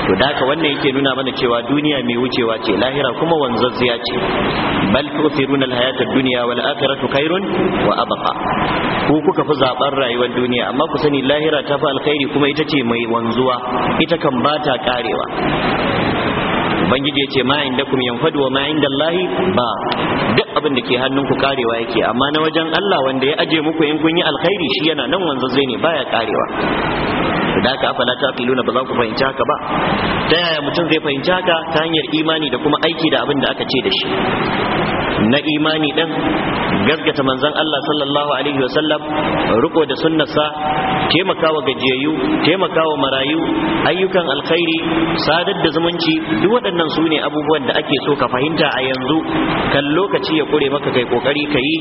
to da haka wannan yake nuna mana cewa duniya mai wucewa ce lahira kuma wanzazziya ce bal tu'thiruna al-hayata ad-dunya wal akhiratu khairun wa abqa ku kuka fi zabar rayuwar duniya amma ku sani lahira ta fi alkhairi kuma ita ce mai wanzuwa ita kan ba ta karewa ubangiji ya ce ma inda kum yanfadu wa ma inda allahi ba duk abin da ke hannunku karewa yake amma na wajen Allah wanda ya aje muku in kun yi alkhairi shi yana nan wanzazzai ne baya karewa da haka afala filuna ba za ku fahimci haka ba ta yaya mutum zai fahimci haka ta hanyar imani da kuma aiki da abin da aka ce da shi na imani din gaskata manzon Allah sallallahu alaihi wa sallam riko da sunnarsa taimakawa gajiyayyu taimakawa marayu ayyukan alkhairi sadar da zumunci duk waɗannan su ne abubuwan da ake so ka fahimta a yanzu kan lokaci ya kure maka kai kokari ka yi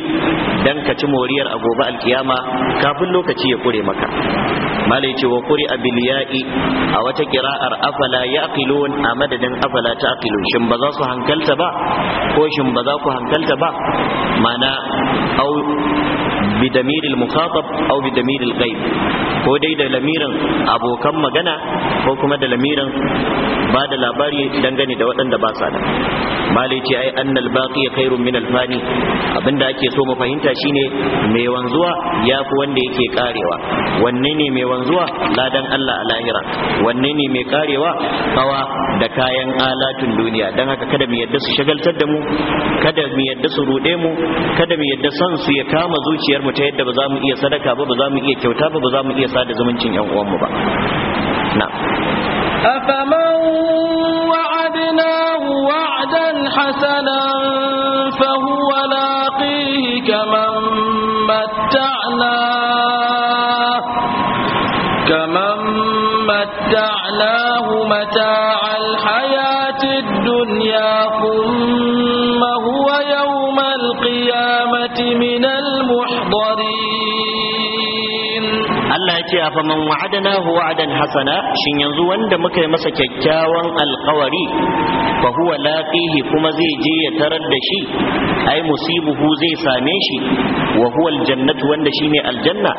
dan ka ci moriyar a gobe alkiyama kafin lokaci ya kure maka malai ce wa kuri bil a wata kira'ar afala ya yaqilun a madadin afala ta taqilun shin ba za su hankalta ba ko shin ba za ku hankalta ba mana au bi بدمير au bi بدمير الغيب ko dai da lamirin abokan magana ko kuma da lamirin ba da labari dangane da waɗanda ba sa nan malai ce ai annal baqiya khairun min al fani abinda ake so mu fahimta shine mai wanzuwa ya yafi wanda yake karewa wanne ne mai wanzuwa ladan Allah a lahira wanne ne mai karewa kawa da kayan alatun duniya dan haka kada mu yadda su shagaltar da mu kada mu yadda su ruɗe mu kada mu yadda son su ya kama zuciyar mu ta yadda ba za mu iya sadaka ba ba za mu iya kyauta ba ba za mu iya sada zumuncin yan uwan mu ba na حسنا فهو afaman wa'adnahu wa'adan hasana shin yanzu wanda muka yi masa kyakkyawan alkawari fa huwa laqihi kuma zai je ya tarar da shi ai musibuhu zai same shi wa huwa aljannatu wanda shine aljanna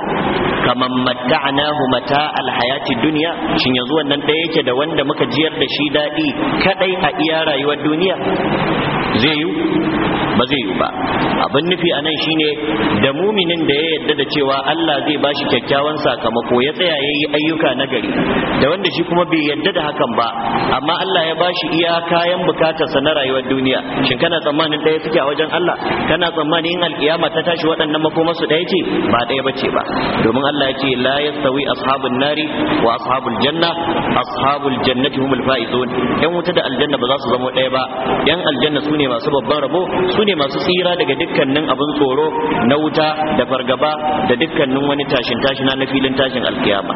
kaman matta'nahu mata alhayati dunya shin yanzu wannan ɗaya yake da wanda muka jiyar da shi daɗi kadai a iya rayuwar duniya zai yi ba zai yi ba abin nufi a nan shine da muminin da ya yarda da cewa Allah zai bashi kyakkyawan sakamako ya tsaya ya yi ayyuka na gari da wanda shi kuma bai yarda da hakan ba amma Allah ya bashi iya kayan bukatarsa na rayuwar duniya shin kana tsammanin ɗaya suke a wajen Allah kana tsammanin in alkiyama ta tashi waɗannan makomarsu ɗaya ce ba ɗaya ba ce ba domin Allah ya ce la yastawi ashabun nari wa ashabul janna ashabul jannati humul faizun yan wuta da aljanna ba za su zama ɗaya ba yan aljanna su ne masu babban rabo su ne masu tsira daga dukkanin abin tsoro na wuta da fargaba da dukkanin wani tashin tashina na filin tashin alkiyama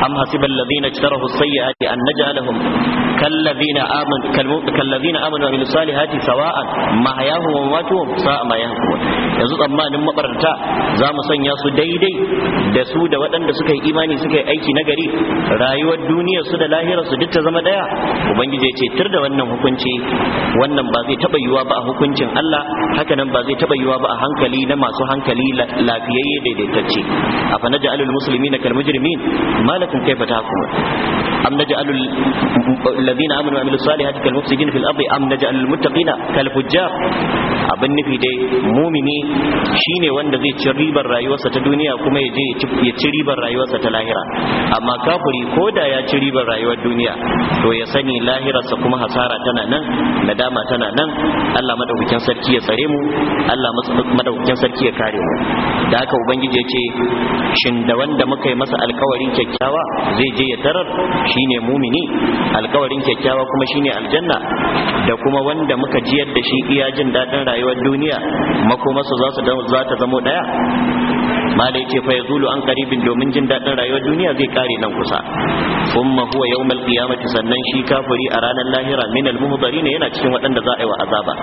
am hasiba alladhina ijtarahu as-sayyi'ati an naj'alahum kalladhina amanu kalladhina amanu wa amilus salihati sawa'an mahayahum wa mamatuhum sa'a ma yahkum yanzu tsammanin mabarata za mu sanya su daidai da su da waɗanda suka yi imani suka yi aiki nagari rayuwar duniyar su da lahirar su duk ta zama ɗaya. ubangiji ya ce tur da wannan hukunci wannan ba zai taɓa yiwa ba a hukuncin Allah haka nan ba zai taɓa yiwa ba a hankali na masu hankali lafiyayye daidaitacce afa naj'alul muslimina kal mujrimin malak نراكم كيف تحكمون أم نجعل الذين آمنوا وعملوا الصالحات كالمفسدين في الأرض أم نجعل المتقين كالفجار abin nufi dai mumini shine wanda zai ci ribar rayuwarsa ta duniya kuma ya je ya ci ribar rayuwarsa ta lahira amma kafiri ko da ya ci ribar rayuwar duniya to ya sani lahirarsa kuma hasara tana nan nadama tana nan Allah madaukakin sarki ya tsare mu Allah madaukakin sarki ya kare mu da haka ubangiji ya ce shin da wanda muka yi masa alkawari kyakkyawa kyakkyawa zai je ya tarar shine mumini alkawarin kyakkyawa kuma shine aljanna da kuma wanda muka jiyar da shi iya jin daɗin rayuwar duniya makomarsa za su za ta zamo ɗaya malai ce fa yazulu an karibin domin jin daɗin rayuwar duniya zai kare nan kusa thumma huwa yawmal qiyamati sannan shi kafiri a ranar lahira min al muhdarin yana cikin waɗanda za a yi wa azaba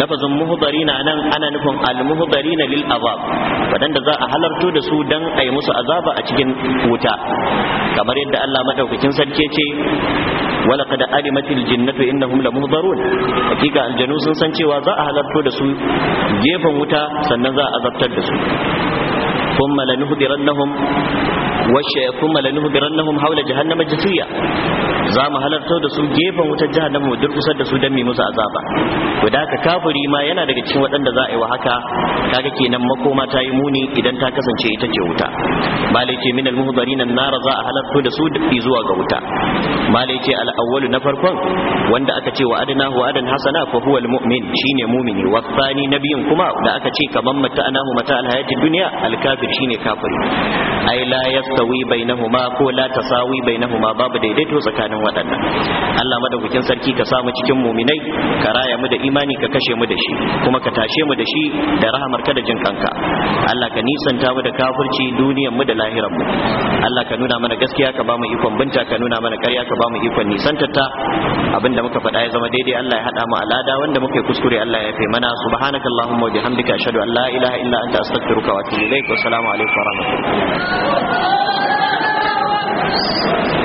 lafazin muhdarin nan ana nufin al muhdarin lil azab waɗanda za a halarto da su dan a yi musu azaba a cikin wuta kamar yadda Allah madaukakin sarki ce ولقد علمت الجنة إنهم لمهضرون حقيقة الجنو sun san cewa za a halarto da su gefen wuta sannan za a azabtar da su ثم لنهدرنهم وش ثم لنهدرنهم حول جهنم جثيا za mu halartar da su gefen wutar jahannama mu durkusar da su dan mu musu azaba Ku da kafuri ma yana daga cikin waɗanda za a yi wa haka kaga kenan makoma ta yi muni idan ta kasance ita ce wuta malai min al-muhdarin an-nar za a halarto da su zuwa ga wuta malai ce al-awwalu na farkon wanda aka ce wa adna wa adan hasana fa huwa al-mu'min shine mu'mini wa thani biyun kuma da aka ce kaman mata anahu mata al-hayati dunya al-kafir shine kafiri ai la yastawi bainahuma ko la tasawi bainahuma babu daidaito tsakanin tsakanin waɗannan Allah madaukakin sarki ka samu cikin muminai ka raya mu da imani ka kashe mu da shi kuma ka tashe mu da shi da rahamar ka da jin kanka Allah ka nisanta mu da kafirci duniyar mu da lahirar mu Allah ka nuna mana gaskiya ka ba mu ikon binta ka nuna mana ƙarya ka ba mu ikon nisantarta abinda muka faɗa ya zama daidai Allah ya haɗa mu alada wanda muka yi kuskure Allah ya yafe mana subhanakallahumma wa bihamdika ashhadu an la ilaha illa anta astaghfiruka wa atubu ilaik wa assalamu alaikum wa rahmatullahi